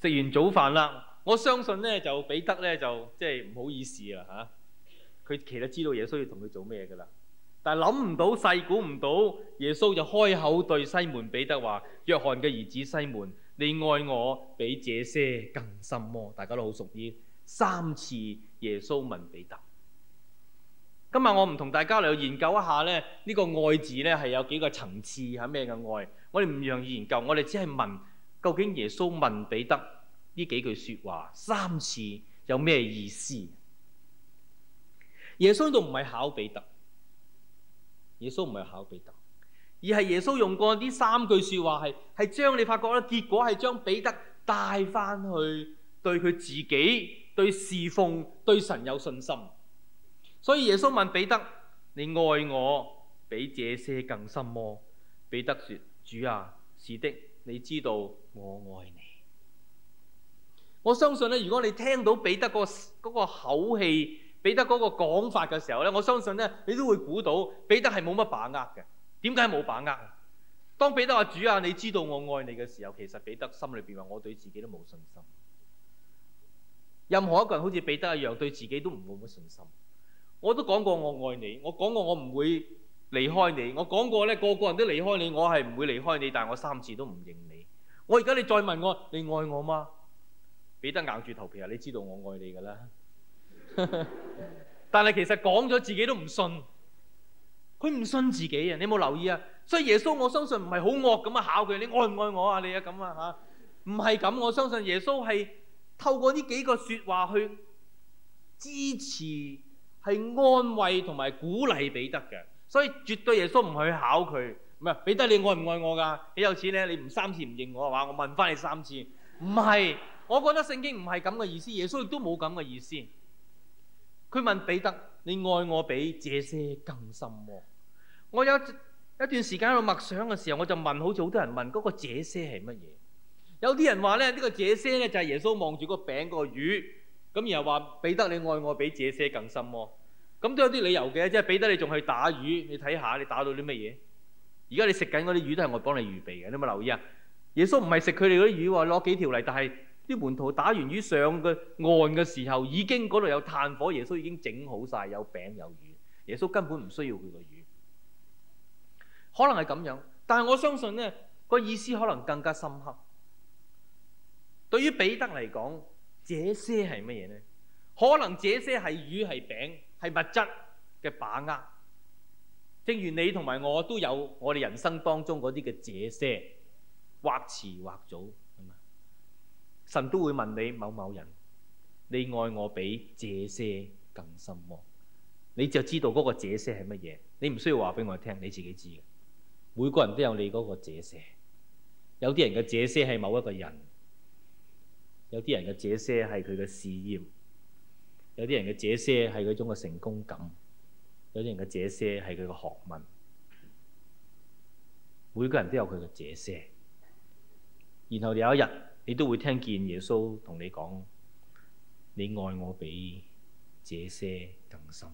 食完早飯啦，我相信咧就彼得咧就即係唔好意思啦吓，佢、啊、其實知道耶穌要同佢做咩噶啦。但係諗唔到，細估唔到，耶穌就開口對西門彼得話：約翰嘅兒子西門，你愛我比這些更深麼？大家都好熟悉。三次耶穌問彼得，今日我唔同大家嚟研究一下咧，呢個愛字咧係有幾個層次啊？咩嘅愛？我哋唔用研究，我哋只係問究竟耶穌問彼得呢幾句說話三次有咩意思？耶穌都唔係考彼得。耶穌唔係考彼得，而係耶穌用過呢三句說話，係係將你發覺啦。結果係將彼得帶翻去對佢自己、對侍奉、對神有信心。所以耶穌問彼得，你愛我比這些更深麼？彼得說，主啊，是的，你知道我愛你。我相信咧，如果你聽到彼得個嗰個口氣，彼得嗰個講法嘅時候呢，我相信呢，你都會估到彼得係冇乜把握嘅。點解冇把握？當彼得話主啊，你知道我愛你嘅時候，其實彼得心裏邊話我對自己都冇信心。任何一個人好似彼得一樣，對自己都唔冇乜信心。我都講過我愛你，我講過我唔會離開你，我講過呢個個人都離開你，我係唔會離開你，但係我三次都唔認你。我而家你再問我，你愛我嗎？彼得硬住頭皮話：你知道我愛你㗎啦。 [LAUGHS] 但係其實講咗自己都唔信，佢唔信自己啊！你有冇留意啊？所以耶穌我相信唔係好惡咁啊，考佢你愛唔愛我啊？你啊咁啊吓，唔係咁。我相信耶穌係透過呢幾個說話去支持，係安慰同埋鼓勵彼得嘅。所以絕對耶穌唔去考佢，唔係彼得你愛唔愛我噶？你有錢咧，你唔三次唔認我啊？話，我問翻你三次。唔係，我覺得聖經唔係咁嘅意思，耶穌亦都冇咁嘅意思。佢問彼得：你愛我比這些更深喎？我有一段時間喺度默想嘅時候，我就問，好似好多人問嗰個這些係乜嘢？有啲人話咧，呢個這些咧就係耶穌望住個餅個魚，咁然後話彼得你愛我比這些更深喎。咁都有啲理由嘅，即係彼得你仲去打魚，你睇下你打到啲乜嘢？而家你食緊嗰啲魚都係我幫你預備嘅，你有冇留意啊？耶穌唔係食佢哋嗰啲魚喎，攞幾條嚟，但係。啲門徒打完魚上嘅岸嘅時候，已經嗰度有炭火，耶穌已經整好晒，有餅有魚。耶穌根本唔需要佢個魚，可能係咁樣。但係我相信呢，個意思可能更加深刻。對於彼得嚟講，這些係乜嘢呢？可能這些係魚，係餅，係物質嘅把握。正如你同埋我都有我哋人生當中嗰啲嘅這些，或遲或早。神都會問你某某人，你愛我比這些更深麼？哦，你就知道嗰個這些係乜嘢。你唔需要話俾我聽，你自己知嘅。每個人都有你嗰個這些。有啲人嘅這些係某一個人，有啲人嘅這些係佢嘅事業，有啲人嘅這些係佢種嘅成功感，有啲人嘅這些係佢嘅學問。每個人都有佢嘅這些。然後有一日。你都會聽見耶穌同你講，你愛我比這些更深。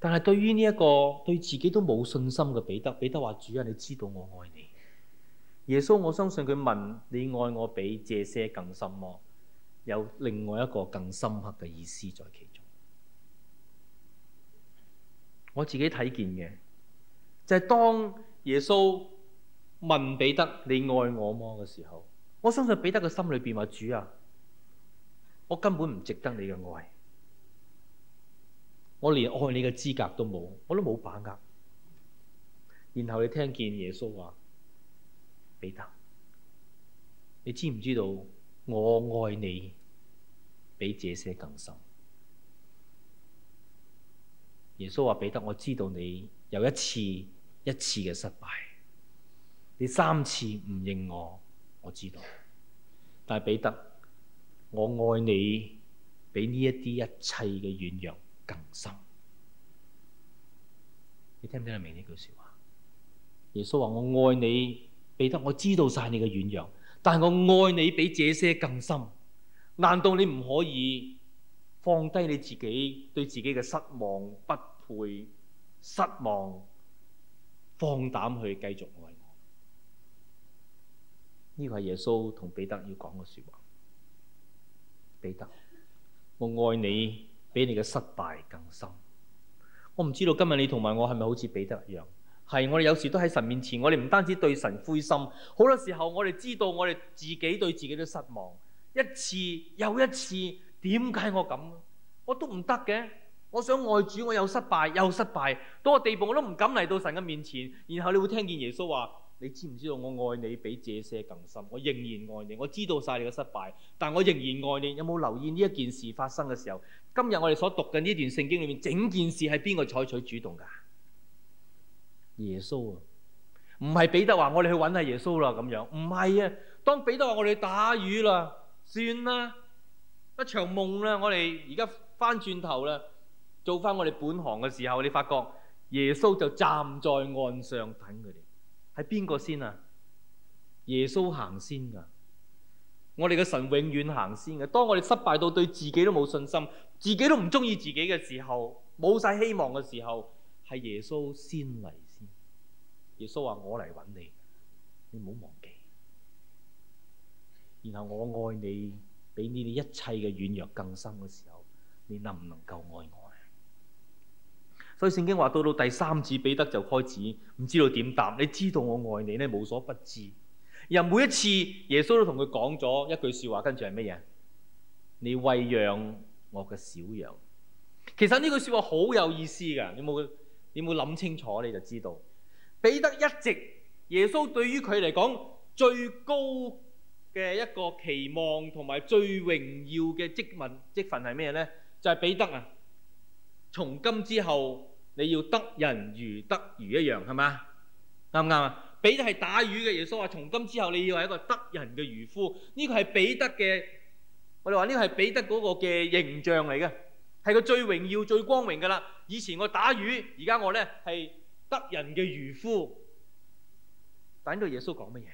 但係對於呢一個對自己都冇信心嘅彼得，彼得話：主啊，你知道我愛你。耶穌，我相信佢問你愛我比這些更深愛，有另外一個更深刻嘅意思在其中。我自己睇見嘅，就係當耶穌。問彼得，你愛我麼？嘅時候，我相信彼得嘅心裏面話，主啊，我根本唔值得你嘅愛，我連愛你嘅資格都冇，我都冇把握。然後你聽見耶穌話，彼得，你知唔知道我愛你比這些更深？耶穌話，彼得，我知道你又一次一次嘅失敗。你三次唔認我，我知道。但係彼得，我愛你比呢一啲一切嘅軟弱更深。你聽唔聽得明呢句說話？耶穌話：我愛你，彼得。我知道晒你嘅軟弱，但係我愛你比這些更深。難道你唔可以放低你自己，對自己嘅失望、不配、失望，放膽去繼續愛？呢個係耶穌同彼得要講嘅說話。彼得，我愛你，比你嘅失敗更深。我唔知道今日你同埋我係咪好似彼得一樣？係，我哋有時都喺神面前，我哋唔單止對神灰心，好多時候我哋知道我哋自己對自己都失望，一次又一次，點解我咁？我都唔得嘅。我想愛主，我又失敗又失敗，到個地步我都唔敢嚟到神嘅面前。然後你會聽見耶穌話。你知唔知道？我愛你比這些更深。我仍然愛你。我知道晒你嘅失敗，但我仍然愛你。有冇留意呢一件事發生嘅時候？今日我哋所讀嘅呢段聖經裏面，整件事係邊個採取主動噶？耶穌啊，唔係彼得話我哋去揾下耶穌啦咁樣，唔係啊，當彼得話我哋打魚啦，算啦，一場夢啦。我哋而家翻轉頭啦，做翻我哋本行嘅時候，你發覺耶穌就站在岸上等佢哋。係邊個先啊？耶穌行先㗎，我哋嘅神永遠行先嘅。當我哋失敗到對自己都冇信心，自己都唔中意自己嘅時候，冇晒希望嘅時候，係耶穌先嚟先。耶穌話：我嚟揾你，你唔好忘記。然後我愛你比你哋一切嘅軟弱更深嘅時候，你能唔能夠愛我？所以聖經話到到第三次，彼得就開始唔知道點答。你知道我愛你呢，無所不知。又每一次耶穌都同佢講咗一句説話，跟住係乜嘢？你喂養我嘅小羊。其實呢句説話好有意思㗎。你冇，你冇諗清楚你就知道。彼得一直，耶穌對於佢嚟講最高嘅一個期望同埋最榮耀嘅職問職份係咩呢？就係彼得啊！從今之後。你要得人如得魚一樣，係嘛？啱唔啱啊？彼得係打魚嘅，耶穌話從今之後你要係一個得人嘅漁夫。呢個係彼得嘅，我哋話呢個係彼得嗰個嘅形象嚟嘅，係個最榮耀、最光榮嘅啦。以前我打魚，而家我呢係得人嘅漁夫。等到耶穌講乜嘢？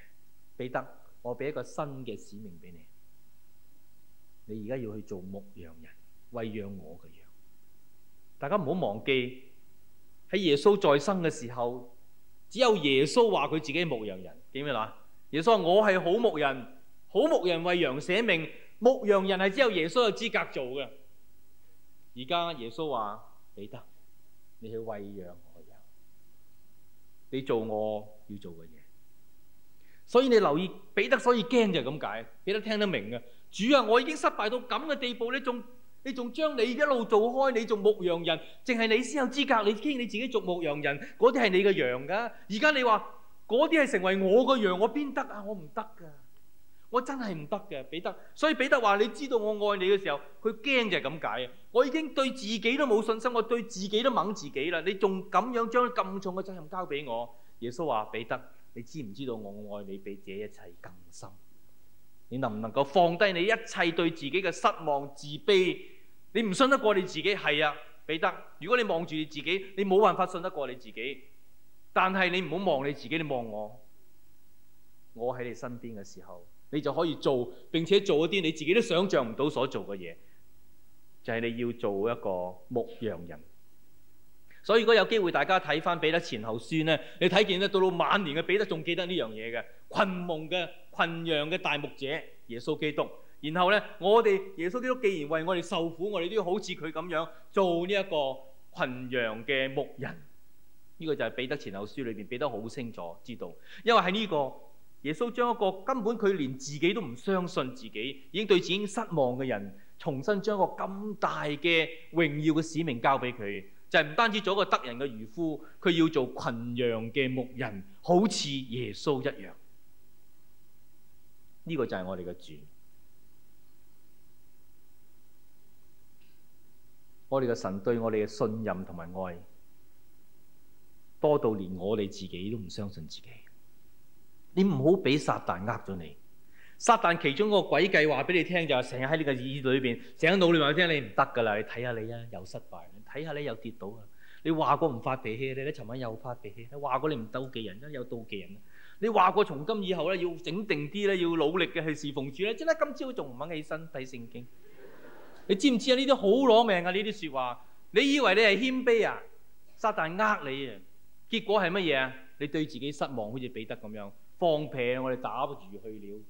彼得，我俾一個新嘅使命俾你，你而家要去做牧羊人，餵養我嘅羊。大家唔好忘記。喺耶穌在生嘅時候，只有耶穌話佢自己牧羊人，記唔記得啊？耶穌話：我係好牧人，好牧人為羊捨命，牧羊人係只有耶穌有資格做嘅。而家耶穌話：彼得，你去餵養我呀，你做我要做嘅嘢。所以你留意彼得，所以驚就係咁解。彼得聽得明啊，主啊，我已經失敗到咁嘅地步，你仲？你仲將你一路做開，你做牧羊人，淨係你先有資格。你傾你自己做牧羊人，嗰啲係你嘅羊噶。而家你話嗰啲係成為我嘅羊，我邊得啊？我唔得噶，我真係唔得嘅，彼得。所以彼得話：你知道我愛你嘅時候，佢驚就係咁解啊！我已經對自己都冇信心，我對自己都掹自己啦。你仲咁樣將咁重嘅責任交俾我？耶穌話：彼得，你知唔知道我愛你比這一切更深？你能唔能夠放低你一切對自己嘅失望、自卑？你唔信得過你自己，係啊，彼得。如果你望住你自己，你冇辦法信得過你自己。但係你唔好望你自己，你望我。我喺你身邊嘅時候，你就可以做，並且做一啲你自己都想象唔到所做嘅嘢，就係、是、你要做一個牧羊人。所以如果有機會大家睇返彼得前後書呢，你睇見呢到到晚年嘅彼得仲記得呢樣嘢嘅，群牧嘅群羊嘅大牧者耶穌基督。然後咧，我哋耶穌都既然為我哋受苦，我哋都要好似佢咁樣做呢一個群羊嘅牧人。呢、這個就係彼得前後書裏邊俾得好清楚知道。因為喺呢、這個耶穌將一個根本佢連自己都唔相信自己，已經對自己失望嘅人，重新將個咁大嘅榮耀嘅使命交俾佢，就係、是、唔單止做一個得人嘅漁夫，佢要做群羊嘅牧人，好似耶穌一樣。呢、這個就係我哋嘅主。我哋嘅神對我哋嘅信任同埋愛多到連我哋自己都唔相信自己。你唔好俾撒旦呃咗你。撒旦其中個詭計話俾你聽就係成日喺你嘅耳裏邊，成日腦裏話你聽你唔得噶啦，你睇下你啊又失敗，睇下你又跌倒啊。你話過唔發脾氣咧，你尋晚又發脾氣。你話過你唔妒忌人啦，又妒忌人。你話過從今以後咧要整定啲咧，要努力嘅去侍奉主咧，點解今朝仲唔肯起身睇聖經？你知唔知啊？呢啲好攞命噶啊，呢啲説話。你以為你係謙卑啊？撒旦呃你啊，結果係乜嘢啊？你對自己失望，好似彼得咁樣放屁，我哋打魚去了。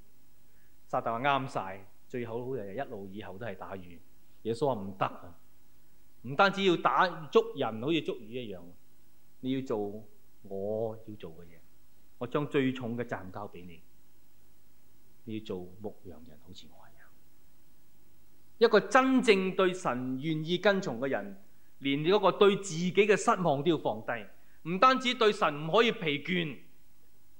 撒旦話啱晒，最後好日日一路以後都係打魚。耶穌話唔得，唔單止要打捉人，好似捉魚一樣。你要做我要做嘅嘢，我將最重嘅責任交俾你。你要做牧羊人，好似我。一個真正對神願意跟從嘅人，連你嗰個對自己嘅失望都要放低。唔單止對神唔可以疲倦，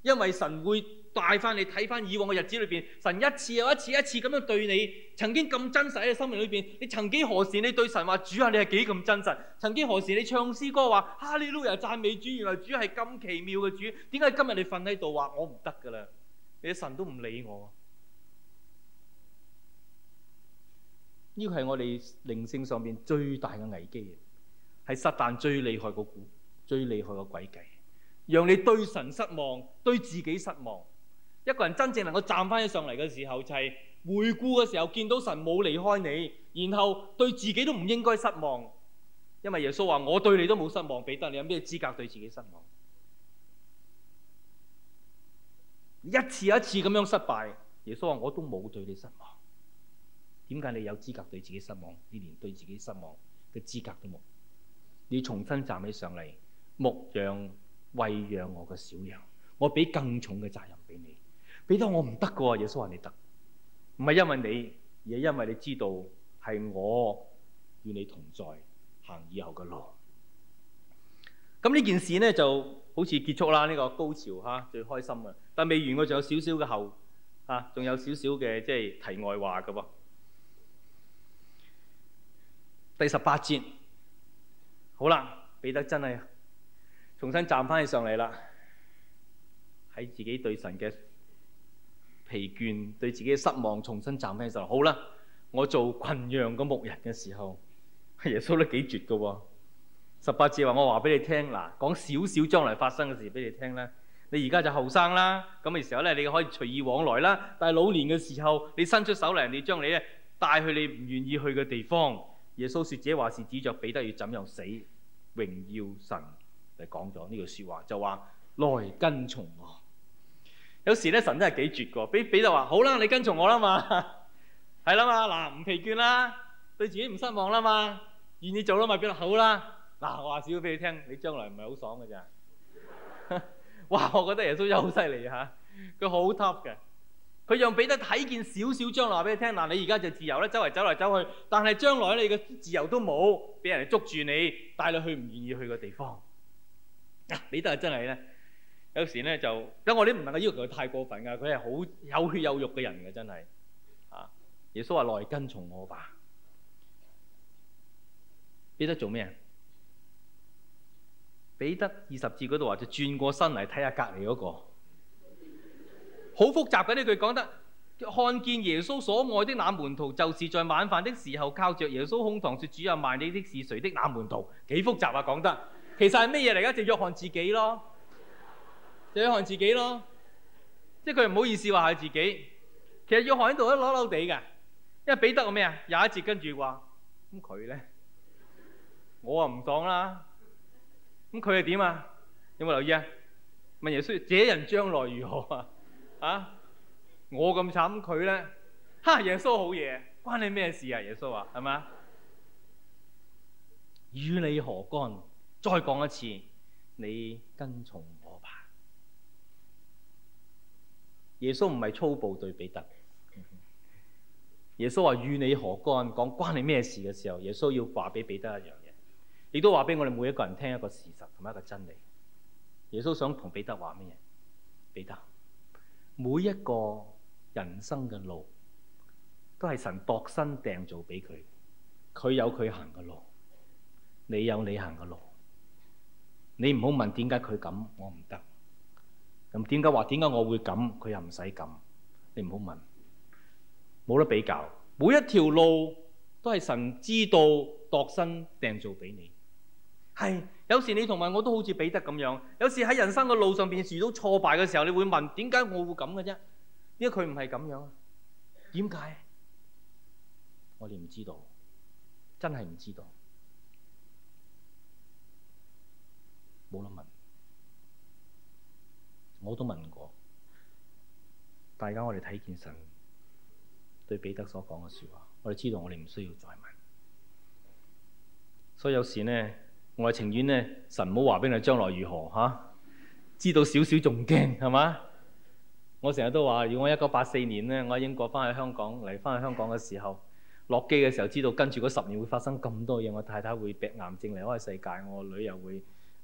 因為神會帶翻你睇翻以往嘅日子裏邊，神一次又一次、一次咁樣對你，曾經咁真實喺你生命裏邊，你曾經何時你對神話主啊，你係幾咁真實？曾經何時你唱詩歌話，哈利路亞讚美主，原來主係咁奇妙嘅主，點解今日你瞓喺度話我唔得噶啦？你神都唔理我。呢個係我哋靈性上面最大嘅危機，係撒但最厲害個、最厲害個詭計，讓你對神失望、對自己失望。一個人真正能夠站翻起上嚟嘅時候，就係回顧嘅時候見到神冇離開你，然後對自己都唔應該失望。因為耶穌話：我對你都冇失望，彼得，你有咩資格對自己失望？一次一次咁樣失敗，耶穌話我都冇對你失望。點解你有資格對自己失望？你連對自己失望嘅資格都冇。你重新站起上嚟，牧羊，餵養我嘅小羊，我俾更重嘅責任俾你，俾到我唔得嘅。耶穌話你得，唔係因為你，而係因為你知道係我與你同在，行以後嘅路。咁呢件事呢就好似結束啦。呢個高潮吓最開心嘅，但未完，我仲有少少嘅後吓，仲、啊、有少少嘅即係題外話嘅噃。第十八節，好啦，彼得真係重新站翻起上嚟啦，喺自己對神嘅疲倦、對自己嘅失望，重新站翻起上嚟。好啦，我做群羊嘅牧人嘅時候，耶穌都幾絕嘅喎，哦。十八節話：我話俾你聽，嗱，講少少將來發生嘅事俾你聽啦。你而家就後生啦，咁嘅時候咧，你可以隨意往來啦。但係老年嘅時候，你伸出手嚟，人哋將你咧帶去你唔願意去嘅地方。耶穌說這話是指着彼得要怎樣死，榮耀神嚟講咗呢句說話，就話來跟從我。有時咧神真係幾絕噶，俾彼得話好啦，你跟從我啦 [LAUGHS] 嘛，係啦嘛，嗱唔疲倦啦，對自己唔失望啦嘛，願意做啦嘛，彼得好啦，嗱我話少俾你聽，你將來唔係好爽噶咋？ [LAUGHS] 哇，我覺得耶穌真係好犀利吓，佢好 top 嘅。佢讓彼得睇見少少將來，話俾你聽。嗱，你而家就自由咧，周圍走嚟走去。但係將來你嘅自由都冇，俾人哋捉住你，帶你去唔願意去嘅地方。嗱、啊，彼得真係咧，有時咧就，等我啲唔能夠要求佢太過分噶。佢係好有血有肉嘅人嘅，真係。啊，耶穌話來跟從我吧。彼得做咩啊？彼得二十節嗰度話就轉過身嚟睇下隔籬嗰個。好複雜嘅呢句講得，看見耶穌所愛的那門徒，就是在晚飯的時候靠著耶穌胸膛説：主啊，賣你的是誰的那門徒？幾複雜啊！講得其實係咩嘢嚟？噶就約翰自己咯，就約翰自己咯，即係佢唔好意思話係自己。其實約翰喺度都嬲嬲地嘅，因為彼得係咩啊？廿一節跟住話，咁、嗯、佢呢？我啊唔講啦。咁佢係點啊？有冇留意啊？問耶穌：這人將來如何啊？ [LAUGHS] 啊！我咁慘，佢咧哈，耶穌好嘢，關你咩事啊？耶穌話係咪啊？與你何干？再講一次，你跟從我吧。耶穌唔係粗暴對彼得。 [LAUGHS] 耶穌話與你何干？講關你咩事嘅時候，耶穌要話俾彼得一樣嘢，亦都話俾我哋每一個人聽一個事實同埋一個真理。耶穌想同彼得話咩嘢？彼得。每一個人生嘅路都係神度身訂造俾佢，佢有佢行嘅路，你有你行嘅路。你唔好問點解佢咁，我唔得。咁點解話點解我會咁，佢又唔使咁。你唔好問，冇得比較。每一條路都係神知道度身訂造俾你。係、哎。有時你同埋我都好似彼得咁樣，有時喺人生嘅路上邊遇到挫敗嘅時候，你會問點解我會咁嘅啫？點解佢唔係咁樣啊？點解？我哋唔知道，真係唔知道。冇得問，我都問過。大家我哋睇見神對彼得所講嘅説話，我哋知道我哋唔需要再問。所以有時呢。我情願呢，神唔好話俾你將來如何嚇、啊，知道少少仲驚係嘛？我成日都話，如果我一九八四年咧，我喺英國翻去香港嚟，翻去香港嘅時候落機嘅時候知道跟住嗰十年會發生咁多嘢，我太太會病癌症離開世界，我女又會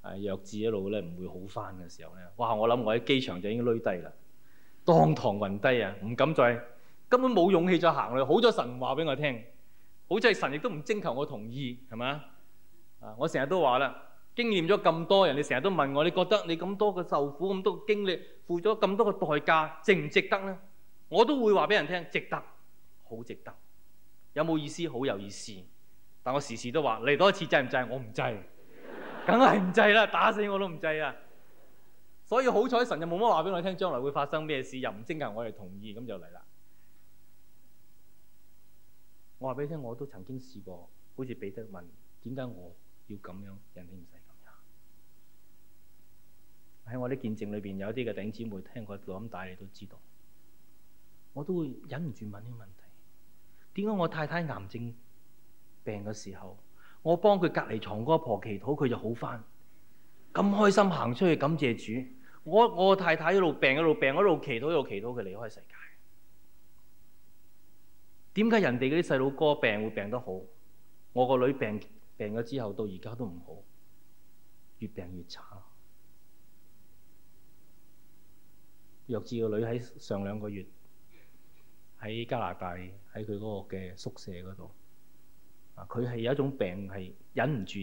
啊、呃、弱智一路咧唔會好翻嘅時候咧，哇！我諗我喺機場就已經累低啦，當堂暈低啊，唔敢再根本冇勇氣再行落去。好在神話俾我聽，好在神亦都唔徵求我同意係嘛？啊！我成日都話啦，經驗咗咁多人，你成日都問我，你覺得你咁多嘅受苦、咁多嘅經歷、付咗咁多嘅代價，值唔值得呢？我都會話俾人聽，值得，好值得，有冇意思？好有意思。但我時時都話嚟多一次，制唔制？我唔制。梗係唔制啦，打死我都唔制啊！所以好彩神就冇乜話俾我聽，將來會發生咩事，又唔徵求我哋同意，咁就嚟啦。我話俾你聽，我都曾經試過，好似彼得問點解我。要咁樣，人哋唔使咁樣。喺我啲見證裏邊，有啲嘅頂姊妹聽過錄音帶，你都知道。我都會忍唔住問啲問題：點解我太太癌症病嘅時候，我幫佢隔離床嗰個婆婆祈禱，佢就好返，咁開心行出去感謝主。我我太太一路病，一路病，一路祈禱，一路祈禱，佢離開世界。點解人哋嗰啲細佬哥病會病得好？我個女病。病咗之後，到而家都唔好，越病越慘。弱智個女喺上兩個月喺加拿大喺佢嗰個嘅宿舍嗰度啊，佢係有一種病係忍唔住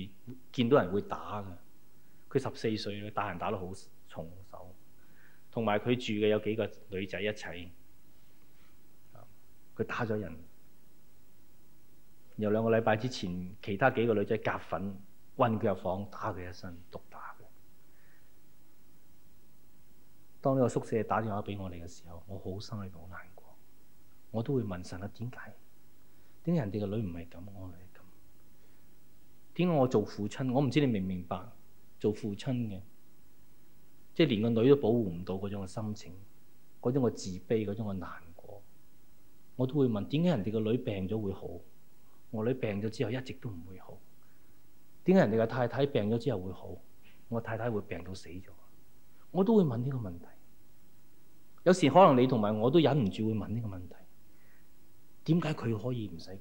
見到人會打嘅。佢十四歲啦，打人打到好重手，同埋佢住嘅有幾個女仔一齊佢打咗人。又兩個禮拜之前，其他幾個女仔夾粉，揾佢入房，打佢一身，毒打佢。當呢個宿舍打電話俾我哋嘅時候，我好心裏好難過。我都會問神啊，點解？點解人哋個女唔係咁，我女係咁？點解我做父親？我唔知你明唔明白？做父親嘅，即係連個女都保護唔到嗰種心情，嗰種嘅自卑、嗰種嘅難過，我都會問：點解人哋個女病咗會好？我女病咗之後一直都唔會好，點解人哋嘅太太病咗之後會好？我太太會病到死咗，我都會問呢個問題。有時可能你同埋我都忍唔住會問呢個問題，點解佢可以唔使咁？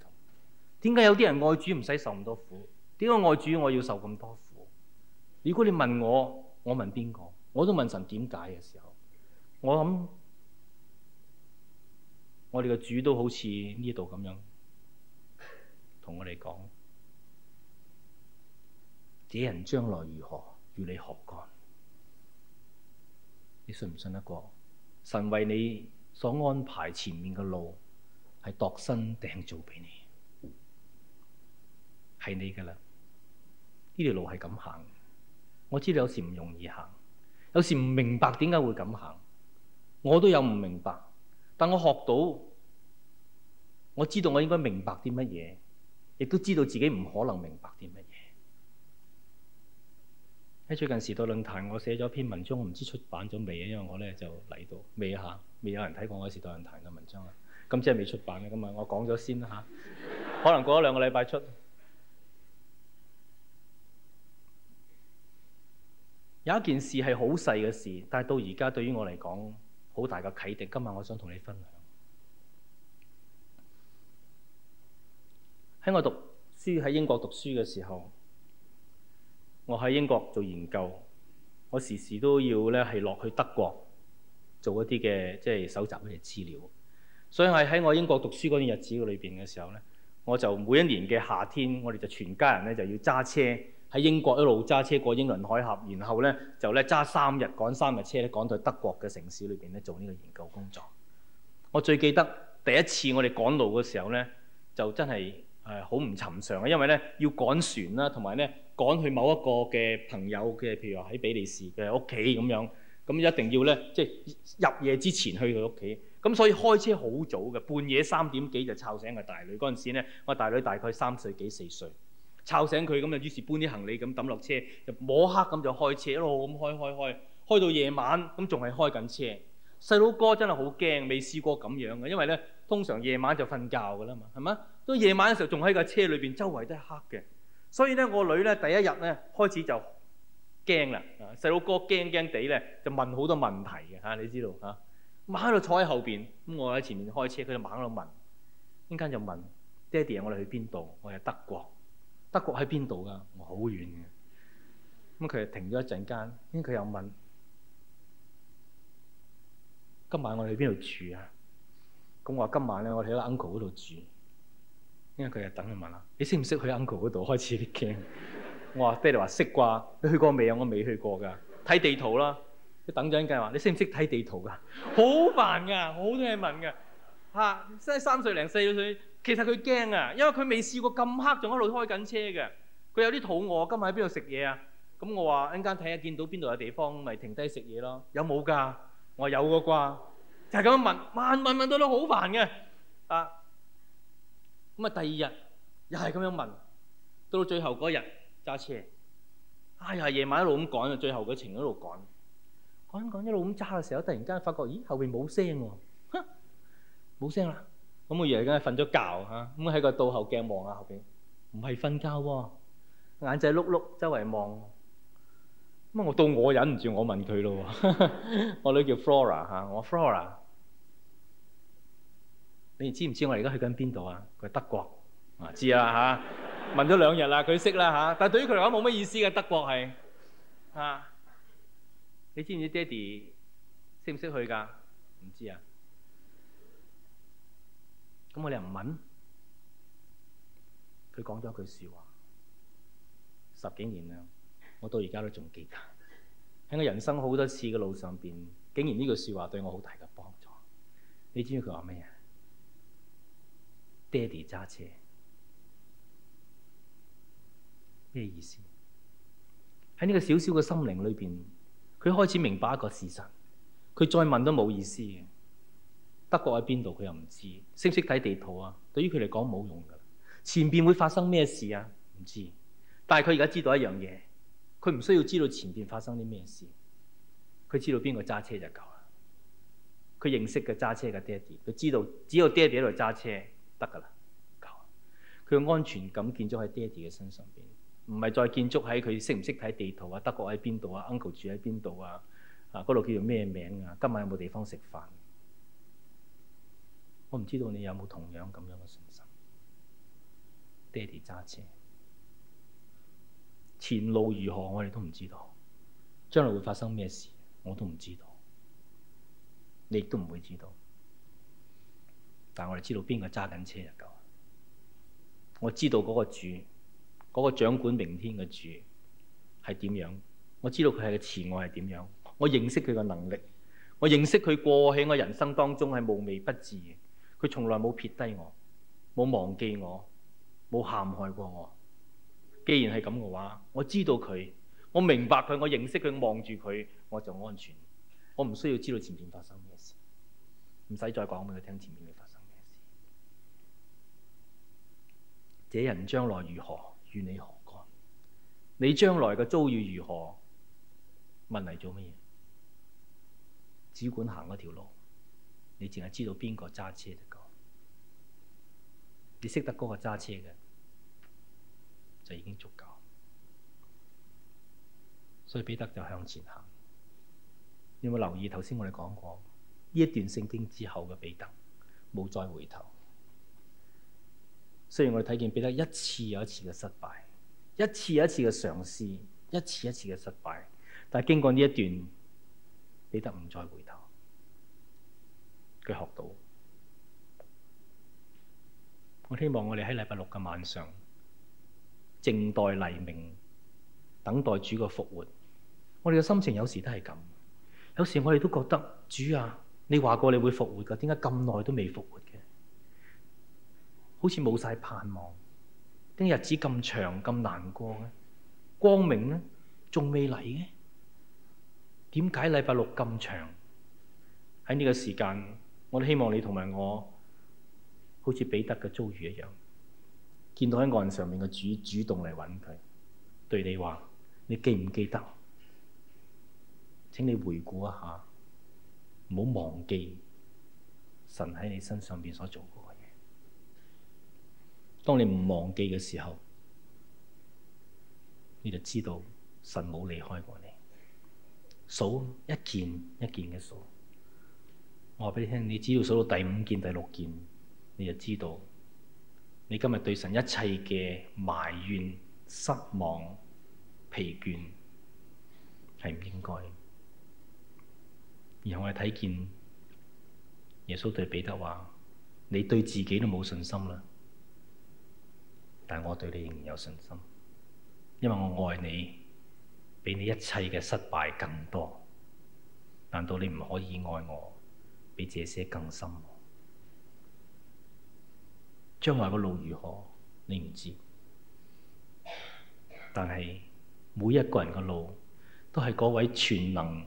點解有啲人愛主唔使受咁多苦？點解愛主我要受咁多苦？如果你問我，我問邊個？我都問神點解嘅時候，我諗我哋嘅主都好似呢度咁樣。同我哋講，這人將來如何，與你何干？你信唔信得過？神為你所安排前面嘅路，係度身訂造俾你，係你嘅啦。呢條路係咁行，我知道有時唔容易行，有時唔明白點解會咁行，我都有唔明白，但我學到，我知道我應該明白啲乜嘢。亦都知道自己唔可能明白啲乜嘢。喺最近時代論壇，我寫咗篇文章，我唔知出版咗未。因為我咧就嚟到，未下，未有人睇過我時代論壇嘅文章啦。咁即係未出版咧，咁啊，我講咗先啦。可能過咗兩個禮拜出。有一件事係好細嘅事，但係到而家對於我嚟講，好大嘅啟迪。今日我想同你分享。喺我讀書喺英國讀書嘅時候，我喺英國做研究，我時時都要咧係落去德國做一啲嘅，即係蒐集一啲資料。所以係喺我英國讀書嗰段日子裏邊嘅時候咧，我就每一年嘅夏天，我哋就全家人咧就要揸車喺英國一路揸車過英倫海峽，然後咧就咧揸三日趕三日車咧趕到德國嘅城市裏邊咧做呢個研究工作。我最記得第一次我哋趕路嘅時候咧，就真係～誒好唔尋常嘅，因為咧要趕船啦，同埋咧趕去某一個嘅朋友嘅，譬如話喺比利時嘅屋企咁樣，咁一定要咧即係入夜之前去佢屋企，咁所以開車好早嘅，半夜三點幾就吵醒個大女，嗰陣時咧我大女大概三歲幾四歲，吵醒佢咁就於是搬啲行李咁抌落車，就摸黑咁就開車一路咁開開開，開，開到夜晚咁仲係開緊車，細佬哥真係好驚，未試過咁樣嘅，因為咧。通常夜晚就瞓覺㗎啦嘛，係嘛？到夜晚嘅時候仲喺架車裏邊，周圍都係黑嘅。所以咧，我女咧第一日咧開始就驚啦，啊、細佬哥驚驚地咧就問好多問題嘅嚇、啊，你知道嚇。猛喺度坐喺後邊，咁、嗯、我喺前面開車，佢就猛喺度問。一陣間就問爹哋，我哋去邊度？我哋係德國，德國喺邊度㗎？我好遠嘅。咁、嗯、佢就停咗一陣間，咁、嗯、佢又問：今晚我哋去邊度住啊？咁我話今晚咧，我哋喺 Uncle 嗰度住，因為佢又等佢問啦，你識唔識去 Uncle 嗰度開始啲驚？我話爹哋話識啩，你去過未啊？我未去過㗎，睇地圖啦。佢等咗陣間，佢話你識唔識睇地圖㗎？好煩㗎，好中意問㗎嚇，真係三歲零四歲，其實佢驚啊，因為佢未試過咁黑仲一路開緊車嘅，佢有啲肚餓，今晚喺邊度食嘢啊？咁我話一陣間睇下，見到邊度有地方咪停低食嘢咯。有冇㗎？我話有個啩。就係咁樣問，問問問到都好煩嘅。啊咁啊第二日又係咁樣問，到最後嗰日揸車，啊又係夜晚一路咁趕，最後嗰程一路趕，趕趕一路咁揸嘅時候，突然間發覺咦，後邊冇聲喎，哼冇聲啦，咁我夜間瞓咗覺嚇，咁喺個倒後鏡望下後邊，唔係瞓覺喎，眼仔碌碌周圍望。咁我到我忍唔住，我問佢咯 [LAUGHS] 我女叫 Flora 嚇，我 Flora，你知唔知我而家去緊邊度啊？佢係德國，啊知啊嚇、啊。問咗兩日啦，佢識啦嚇、啊。但對於佢嚟講冇乜意思嘅、啊，德國係啊。你知唔知爹哋識唔識去噶？唔知啊。咁我哋又唔問。佢講咗句説話，十幾年啦。我到而家都仲記得喺我人生好多次嘅路上邊，竟然呢句説話對我好大嘅幫助。你知唔知佢話咩嘢？爹哋揸車，咩意思？喺呢個小小嘅心靈裏邊，佢開始明白一個事實。佢再問都冇意思嘅。德國喺邊度？佢又唔知，識唔識睇地圖啊？對於佢嚟講冇用㗎。前邊會發生咩事啊？唔知。但係佢而家知道一樣嘢。佢唔需要知道前邊發生啲咩事，佢知道邊個揸車就夠啦。佢認識嘅揸車嘅爹哋，佢知道只要爹哋喺度揸車得噶啦，夠啦。佢嘅安全感建築喺爹哋嘅身上邊，唔係再建築喺佢識唔識睇地圖啊、德國喺邊度啊、uncle 住喺邊度啊、啊嗰度叫做咩名啊、今晚有冇地方食飯？我唔知道你有冇同樣咁樣嘅信心，爹哋揸車。前路如何，我哋都唔知道，將來會發生咩事，我都唔知道，你都唔會知道。但我哋知道邊個揸緊車就夠。我知道嗰個主，嗰個掌管明天嘅主係點樣，我知道佢係個慈愛係點樣，我認識佢個能力，我認識佢過喺我人生當中係無微不至，佢從來冇撇低我，冇忘記我，冇陷害過我。既然係咁嘅話，我知道佢，我明白佢，我認識佢，望住佢，我就安全。我唔需要知道前面發生咩事，唔使再講俾佢聽前面會發生咩事。這人將來如何，與你何干？你將來嘅遭遇如何？問嚟做乜嘢？只管行嗰條路，你淨係知道邊個揸車就夠。你識得嗰個揸車嘅。就已經足夠，所以彼得就向前行。有冇留意？頭先我哋講過，呢一段聖經之後嘅彼得冇再回頭。雖然我哋睇見彼得一次又一次嘅失敗，一次又一次嘅嘗試，一次一次嘅失敗，但係經過呢一段，彼得唔再回頭，佢學到。我希望我哋喺禮拜六嘅晚上。靜待黎明，等待主嘅復活。我哋嘅心情有時都係咁，有時我哋都覺得主啊，你話過你會復活噶，點解咁耐都未復活嘅？好似冇晒盼望，啲日子咁長咁難過啊！光明呢，仲未嚟嘅，點解禮拜六咁長？喺呢個時間，我都希望你同埋我，好似彼得嘅遭遇一樣。見到喺岸上面嘅主主動嚟揾佢，對你話：你記唔記得？請你回顧一下，唔好忘記神喺你身上面所做過嘅嘢。當你唔忘記嘅時候，你就知道神冇離開過你。數一件一件嘅數，我話畀你聽，你只要數到第五件、第六件，你就知道。你今日對神一切嘅埋怨、失望、疲倦，係唔應該。然後我哋睇見耶穌對彼得話：「你對自己都冇信心啦，但我對你仍然有信心，因為我愛你，比你一切嘅失敗更多。」難道你唔可以愛我，比這些更深？」將來個路如何，你唔知。但係每一個人嘅路，都係嗰位全能、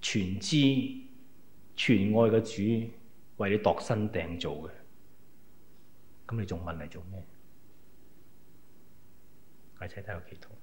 全知、全愛嘅主為你度身訂造嘅。咁你仲問嚟做咩？我哋一齊嚟祈禱。